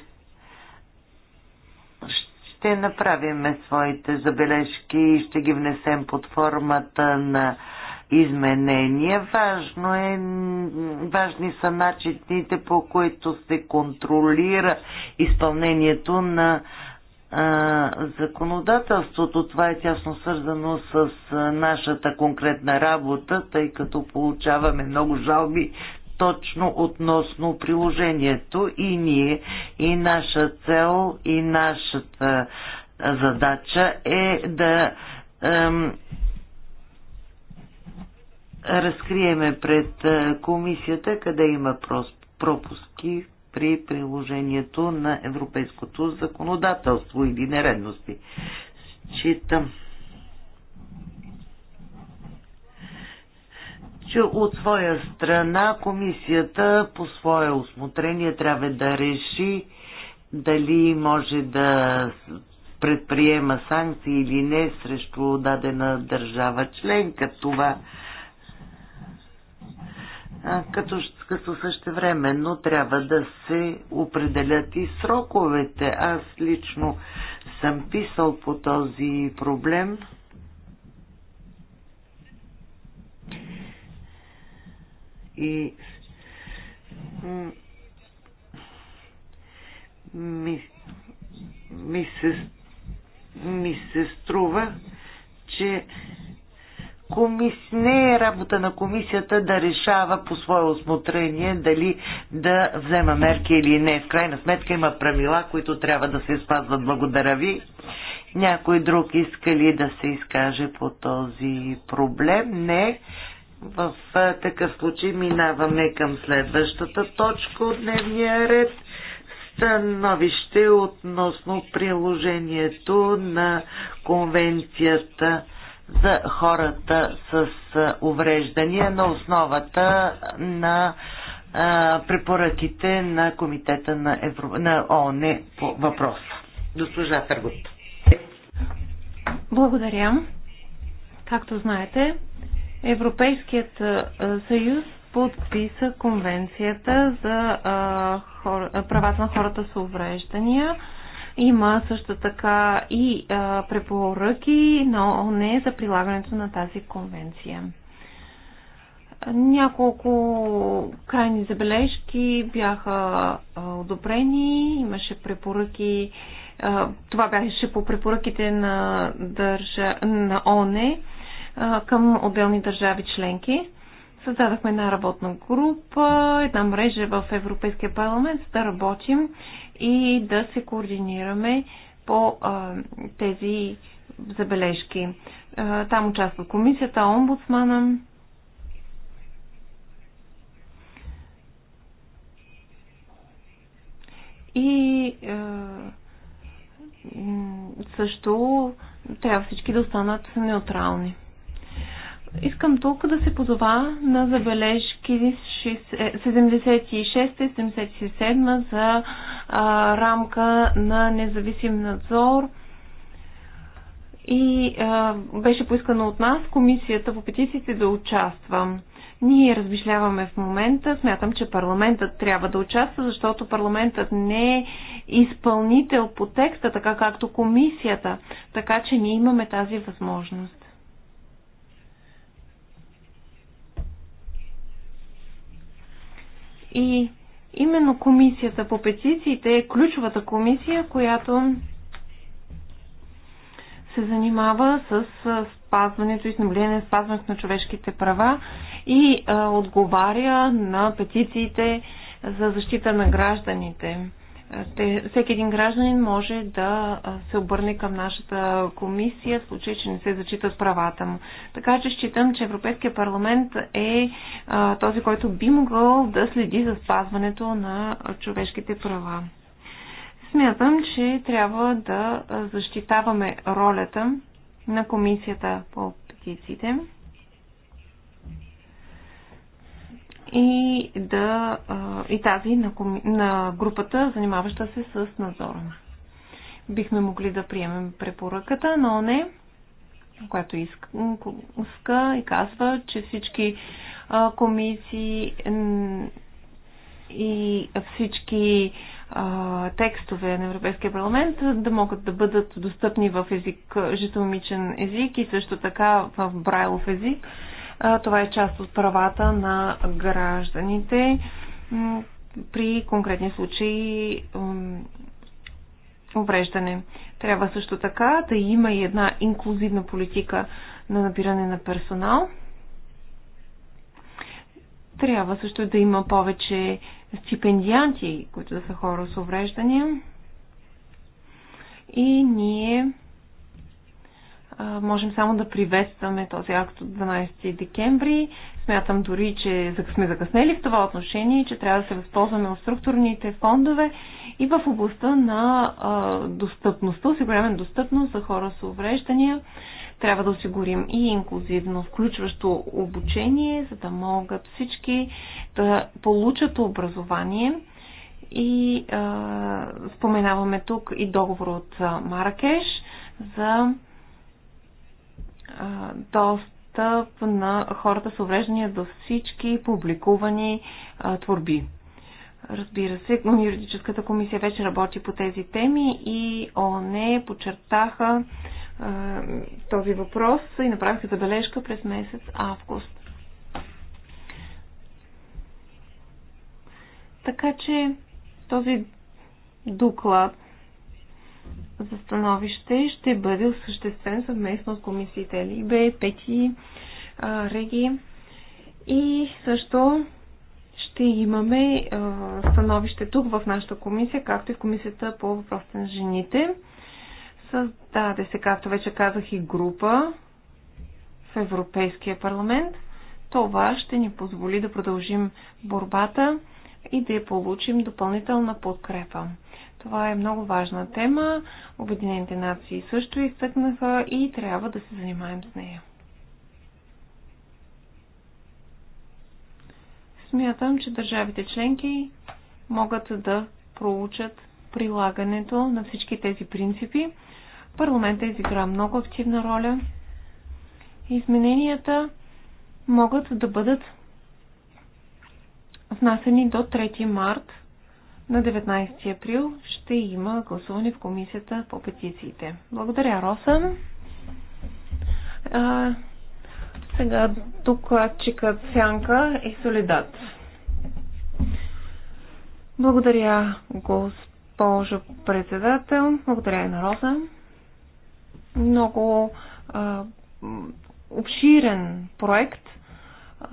ще направим своите забележки и ще ги внесем под формата на изменения. Важно е, важни са начините, по които се контролира изпълнението на законодателството. Това е тясно свързано с нашата конкретна работа, тъй като получаваме много жалби точно относно приложението и ние, и наша цел, и нашата задача е да ем, разкриеме пред комисията къде има пропуски при приложението на европейското законодателство или нередности. Считам, че от своя страна комисията по свое осмотрение трябва да реши дали може да предприема санкции или не срещу дадена държава членка. Това като, като същевременно трябва да се определят и сроковете. Аз лично съм писал по този проблем. И ми, ми, се, ми се струва, че комис... не е работа на комисията да решава по свое осмотрение дали да взема мерки или не. В крайна сметка има правила, които трябва да се спазват. Благодаря ви. Някой друг иска ли да се изкаже по този проблем? Не. В такъв случай минаваме към следващата точка от дневния ред. Становище относно приложението на конвенцията за хората с увреждания на основата на препоръките на Комитета на, Евро... на ООН по въпроса. Госпожа Търгот. Благодаря. Както знаете, Европейският съюз подписа конвенцията за а, правата на хората с увреждания има също така и а, препоръки на не за прилагането на тази конвенция. Няколко крайни забележки бяха одобрени, имаше препоръки. Това беше по препоръките на, държа... на ОНЕ към отделни държави членки. Създадахме една работна група, една мрежа в Европейския парламент, за да работим и да се координираме по а, тези забележки. А, там участва комисията, омбудсмана. И а, също трябва всички да останат неутрални. Искам тук да се позова на забележки 76 е, и 77 за а, рамка на независим надзор. И а, беше поискано от нас комисията по петициите да участва. Ние размишляваме в момента. Смятам, че парламентът трябва да участва, защото парламентът не е изпълнител по текста, така както комисията. Така че ние имаме тази възможност. И именно комисията по петициите е ключовата комисия, която се занимава с спазването и снабление на спазването на човешките права и а, отговаря на петициите за защита на гражданите те, всеки един гражданин може да се обърне към нашата комисия в случай, че не се зачитат правата му. Така че считам, че Европейския парламент е а, този, който би могъл да следи за спазването на човешките права. Смятам, че трябва да защитаваме ролята на комисията по петициите. и, да, и тази на, коми... на групата, занимаваща се с надзора. Бихме могли да приемем препоръката, но не, която иска и казва, че всички комисии и всички текстове на Европейския парламент да могат да бъдат достъпни в език, житомичен език и също така в брайлов език това е част от правата на гражданите при конкретни случаи увреждане. Трябва също така да има и една инклюзивна политика на набиране на персонал. Трябва също да има повече стипендианти, които да са хора с увреждания. И ние можем само да приветстваме този акт от 12 декември. Смятам дори, че сме закъснели в това отношение и че трябва да се възползваме от структурните фондове и в областта на достъпността, осигуряване достъпност за хора с увреждания. Трябва да осигурим и инклюзивно включващо обучение, за да могат всички да получат образование. И а, споменаваме тук и договор от Маракеш за достъп на хората с увреждания до всички публикувани творби. Разбира се, юридическата комисия вече работи по тези теми и ОНЕ подчертаха този въпрос и направиха забележка през месец август. Така че този доклад за становище ще бъде осъществен съвместно от комисиите ЛИБ, Пети, Реги и също ще имаме становище тук в нашата комисия, както и в комисията по въпросите на жените. Създаде се, както вече казах, и група в Европейския парламент. Това ще ни позволи да продължим борбата и да я получим допълнителна подкрепа. Това е много важна тема. Обединените нации също изтъкнаха и трябва да се занимаем с нея. Смятам, че държавите членки могат да проучат прилагането на всички тези принципи. Парламентът изигра много активна роля. Измененията могат да бъдат внасени до 3 март на 19 април ще има гласуване в комисията по петициите. Благодаря, Роса. А, сега докладчикът Сянка и Солидат. Благодаря, госпожо председател. Благодаря и на Роза. Много а, обширен проект. А,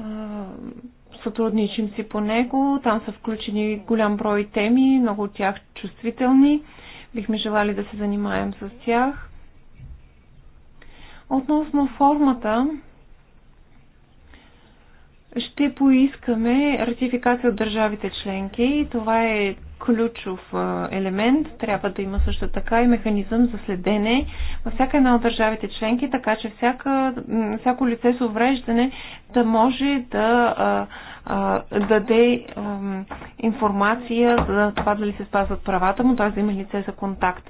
Сътрудничим си по него. Там са включени голям брой теми, много от тях чувствителни. Бихме желали да се занимаем с тях. Относно формата, ще поискаме ратификация от държавите членки. Това е ключов елемент. Трябва да има също така и механизъм за следене във всяка една от държавите членки, така че всяка, всяко лице с увреждане да може да а, а, даде а, информация за това дали се спазват правата му, т.е. да има лице за контакт.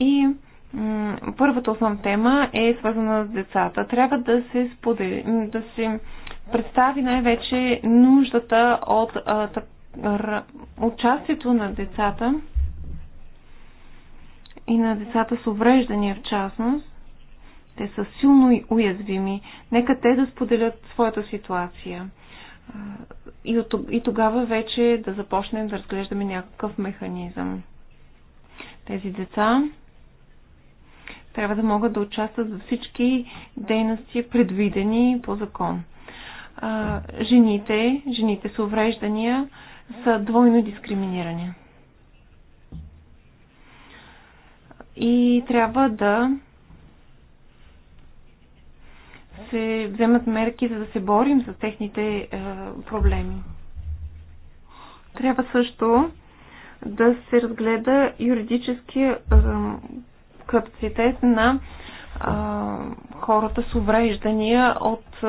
И първата основна тема е свързана с децата. Трябва да се сподели, да се представи най-вече нуждата от а, участието на децата и на децата с увреждания в частност, те са силно уязвими. Нека те да споделят своята ситуация. И, тогава вече да започнем да разглеждаме някакъв механизъм. Тези деца трябва да могат да участват във всички дейности, предвидени по закон. Жените, жените с увреждания, са двойно дискриминирани. И трябва да се вземат мерки, за да се борим с техните е, проблеми. Трябва също да се разгледа юридически е, капацитет на е, хората с увреждания от е,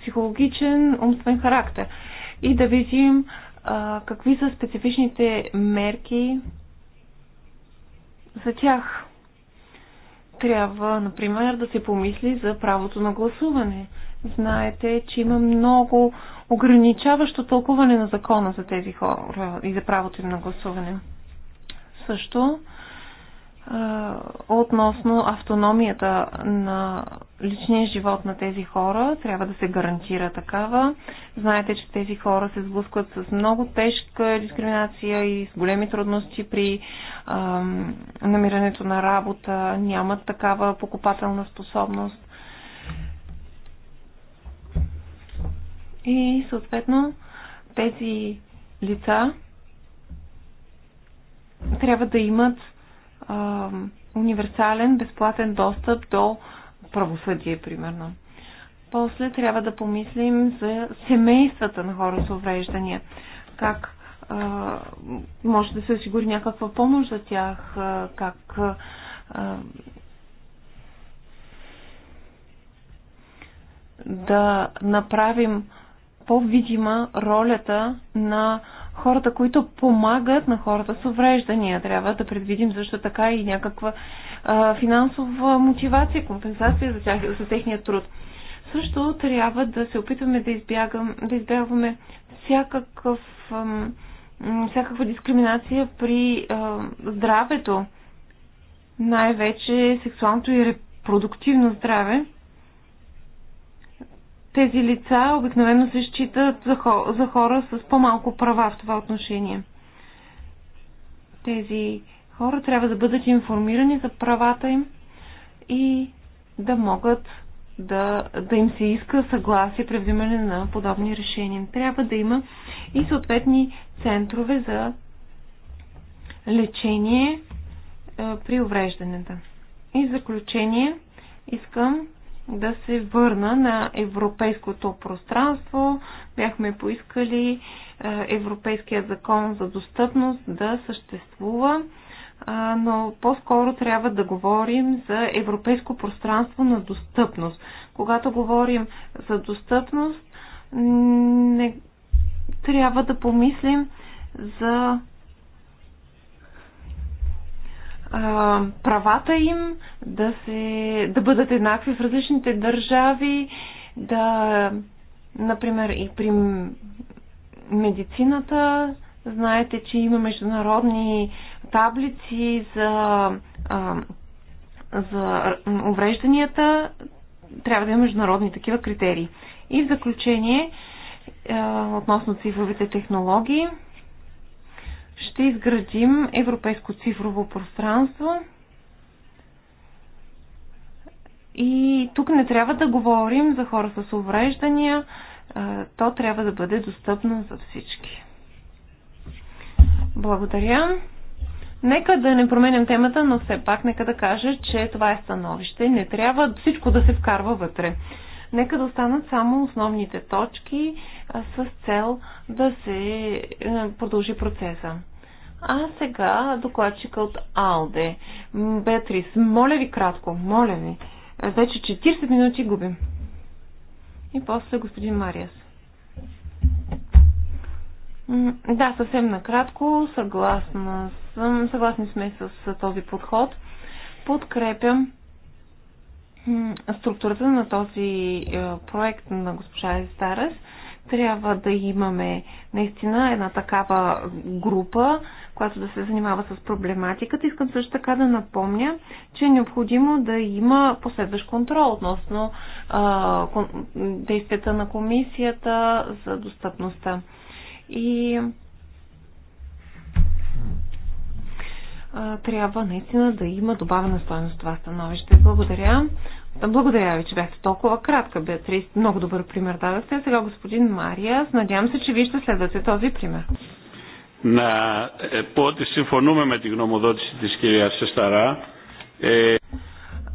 психологичен умствен характер и да видим а, какви са специфичните мерки за тях. Трябва, например, да се помисли за правото на гласуване. Знаете, че има много ограничаващо тълкуване на закона за тези хора и за правото им на гласуване. Също относно автономията на личния живот на тези хора. Трябва да се гарантира такава. Знаете, че тези хора се сблъскват с много тежка дискриминация и с големи трудности при а, намирането на работа. Нямат такава покупателна способност. И съответно тези лица трябва да имат а, универсален, безплатен достъп до правосъдие, примерно. После трябва да помислим за семействата на хора с увреждания. Как а, може да се осигури някаква помощ за тях, а, как а, да направим по-видима ролята на а, хората, които помагат на хората с увреждания. Трябва да предвидим също така и някаква а, финансова мотивация, компенсация за, тях, за техния труд. Също трябва да се опитваме да, избягам, да избягваме всякакъв, ам, всякаква дискриминация при а, здравето, най-вече сексуалното и репродуктивно здраве тези лица обикновено се считат за хора с по-малко права в това отношение. Тези хора трябва да бъдат информирани за правата им и да могат да, да им се иска съгласие при взимане на подобни решения. Трябва да има и съответни центрове за лечение е, при уврежданията. И в заключение искам да се върна на европейското пространство. Бяхме поискали е, Европейския закон за достъпност да съществува, е, но по-скоро трябва да говорим за европейско пространство на достъпност. Когато говорим за достъпност, не трябва да помислим за а, правата им да, се, да бъдат еднакви в различните държави, да, например, и при медицината, знаете, че има международни таблици за, а, за уврежданията, трябва да има международни такива критерии. И в заключение, а, относно цифровите технологии, ще изградим европейско цифрово пространство. И тук не трябва да говорим за хора с увреждания, то трябва да бъде достъпно за всички. Благодаря. Нека да не променям темата, но все пак нека да кажа, че това е становище. Не трябва всичко да се вкарва вътре. Нека да останат само основните точки с цел да се е, продължи процеса. А сега докладчика от Алде. Беатрис, моля ви кратко, моля ви. Вече 40 минути губим. И после господин Мариас. Да, съвсем накратко. Съгласна съм. Съгласни сме с този подход. Подкрепям структурата на този е, проект на госпожа Старес трябва да имаме наистина една такава група, която да се занимава с проблематиката. Искам също така да напомня, че е необходимо да има последващ контрол относно а, действията на комисията за достъпността. И трябва наистина да има добавена стоеност това становище. Благодаря. Благодаря ви, че бяхте толкова кратка, Беатрис. Много добър пример дадахте. Сега господин Мария, надявам се, че вие ще следвате този пример. Να е, πω ότι συμφωνούμε με τη γνωμοδότηση της κυρίας Σεσταρά. Ε...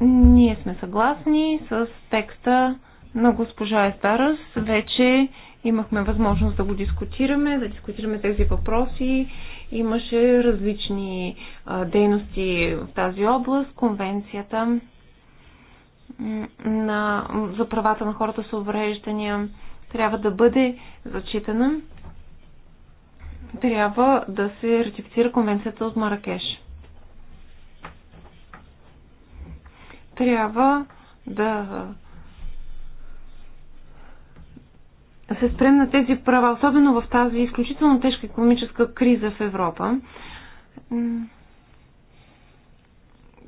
Ние сме съгласни с текста на госпожа Естарас. Вече имахме възможност да го дискутираме, да дискутираме тези въпроси Имаше различни дейности в тази област, конвенцията на, за правата на хората с увреждания трябва да бъде зачитана. Трябва да се ратифицира конвенцията от Маракеш. Трябва да се спрем на тези права, особено в тази изключително тежка економическа криза в Европа,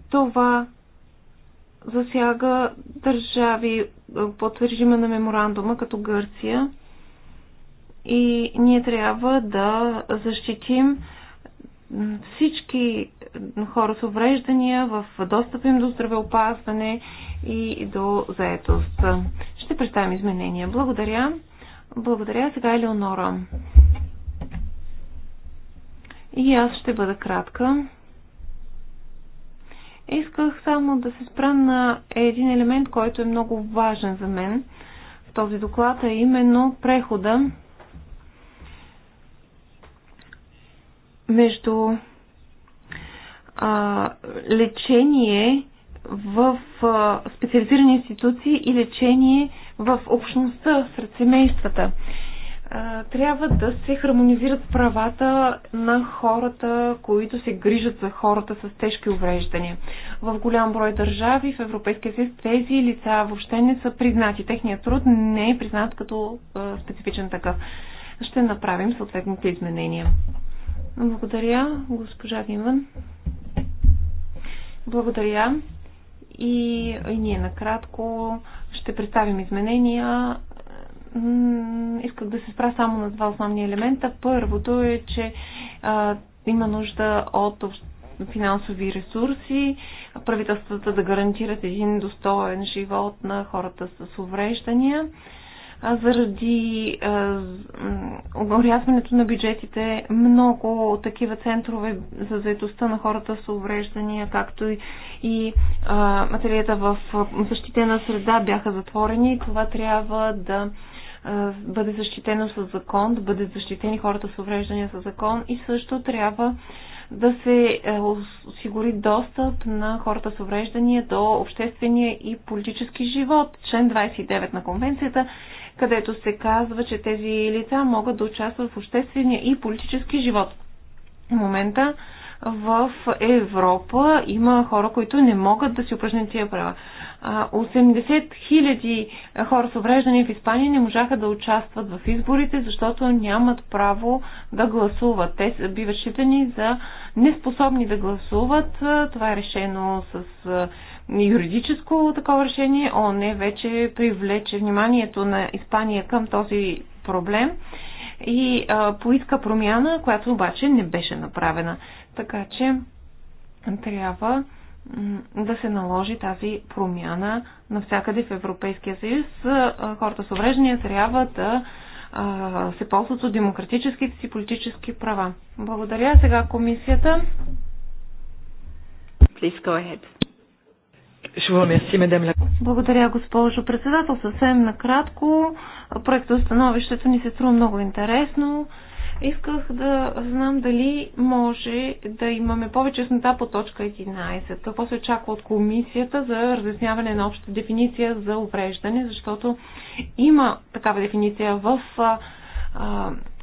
това засяга държави е, под режима на меморандума, като Гърция. И ние трябва да защитим всички хора с увреждания в достъп им до здравеопазване и до заетост. Ще представим изменения. Благодаря. Благодаря. Сега Елеонора. И аз ще бъда кратка. Исках само да се спра на един елемент, който е много важен за мен в този доклад, а е именно прехода между а, лечение в а, специализирани институции и лечение в общността, сред семействата. Трябва да се хармонизират правата на хората, които се грижат за хората с тежки увреждания. В голям брой държави в Европейския съюз тези лица въобще не са признати. Техният труд не е признат като специфичен такъв. Ще направим съответните изменения. Благодаря, госпожа Виман. Благодаря. И, и ние накратко ще представим изменения, исках да се спра само на два основни елемента. Първото е, че а, има нужда от финансови ресурси, правителствата да гарантират един достоен живот на хората с увреждания. А, заради орязването на бюджетите много такива центрове за заедостта на хората с увреждания, както и, и материята в защитена среда бяха затворени и това трябва да бъде защитено с закон, да бъдат защитени хората с увреждания с закон и също трябва да се е, осигури достъп на хората с увреждания до обществения и политически живот. Член 29 на конвенцията където се казва, че тези лица могат да участват в обществения и политически живот. В момента в Европа има хора, които не могат да си упражнят тия права. 80 хиляди хора с увреждания в Испания не можаха да участват в изборите, защото нямат право да гласуват. Те биват считани за неспособни да гласуват. Това е решено с юридическо такова решение, ООН е вече привлече вниманието на Испания към този проблем и а, поиска промяна, която обаче не беше направена. Така че трябва да се наложи тази промяна навсякъде в Европейския съюз. Хората с увреждания трябва да а, се ползват от демократическите си политически права. Благодаря. Сега комисията. Please go ahead. Благодаря, госпожо председател. Съвсем накратко. Проектът становището ни се струва много интересно. Исках да знам дали може да имаме повече снота по точка 11. Какво се очаква от комисията за разясняване на обща дефиниция за увреждане, защото има такава дефиниция в,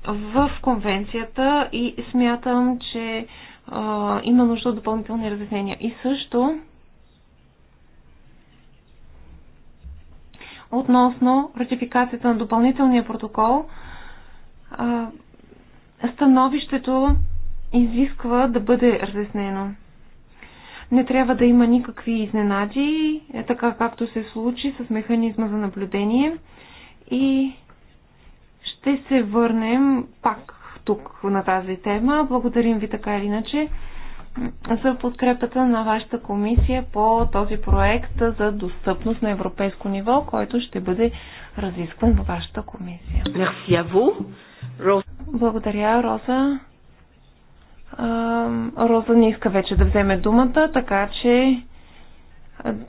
в конвенцията и смятам, че има нужда от допълнителни разяснения. И също относно ратификацията на допълнителния протокол, становището изисква да бъде разяснено. Не трябва да има никакви изненади, е, така както се случи с механизма за наблюдение и ще се върнем пак тук на тази тема. Благодарим ви така или иначе за подкрепата на вашата комисия по този проект за достъпност на европейско ниво, който ще бъде разискван във вашата комисия. Благодаря, Роза. Роза не иска вече да вземе думата, така че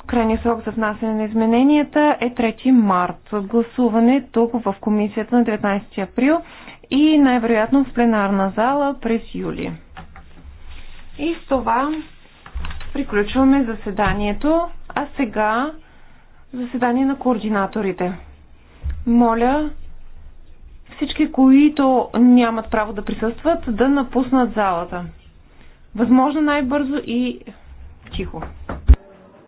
крайният срок за внасяне на измененията е 3 март. Гласуване тук в комисията на 19 април и най-вероятно в пленарна зала през юли. И с това приключваме заседанието, а сега заседание на координаторите. Моля всички, които нямат право да присъстват, да напуснат залата. Възможно най-бързо и тихо.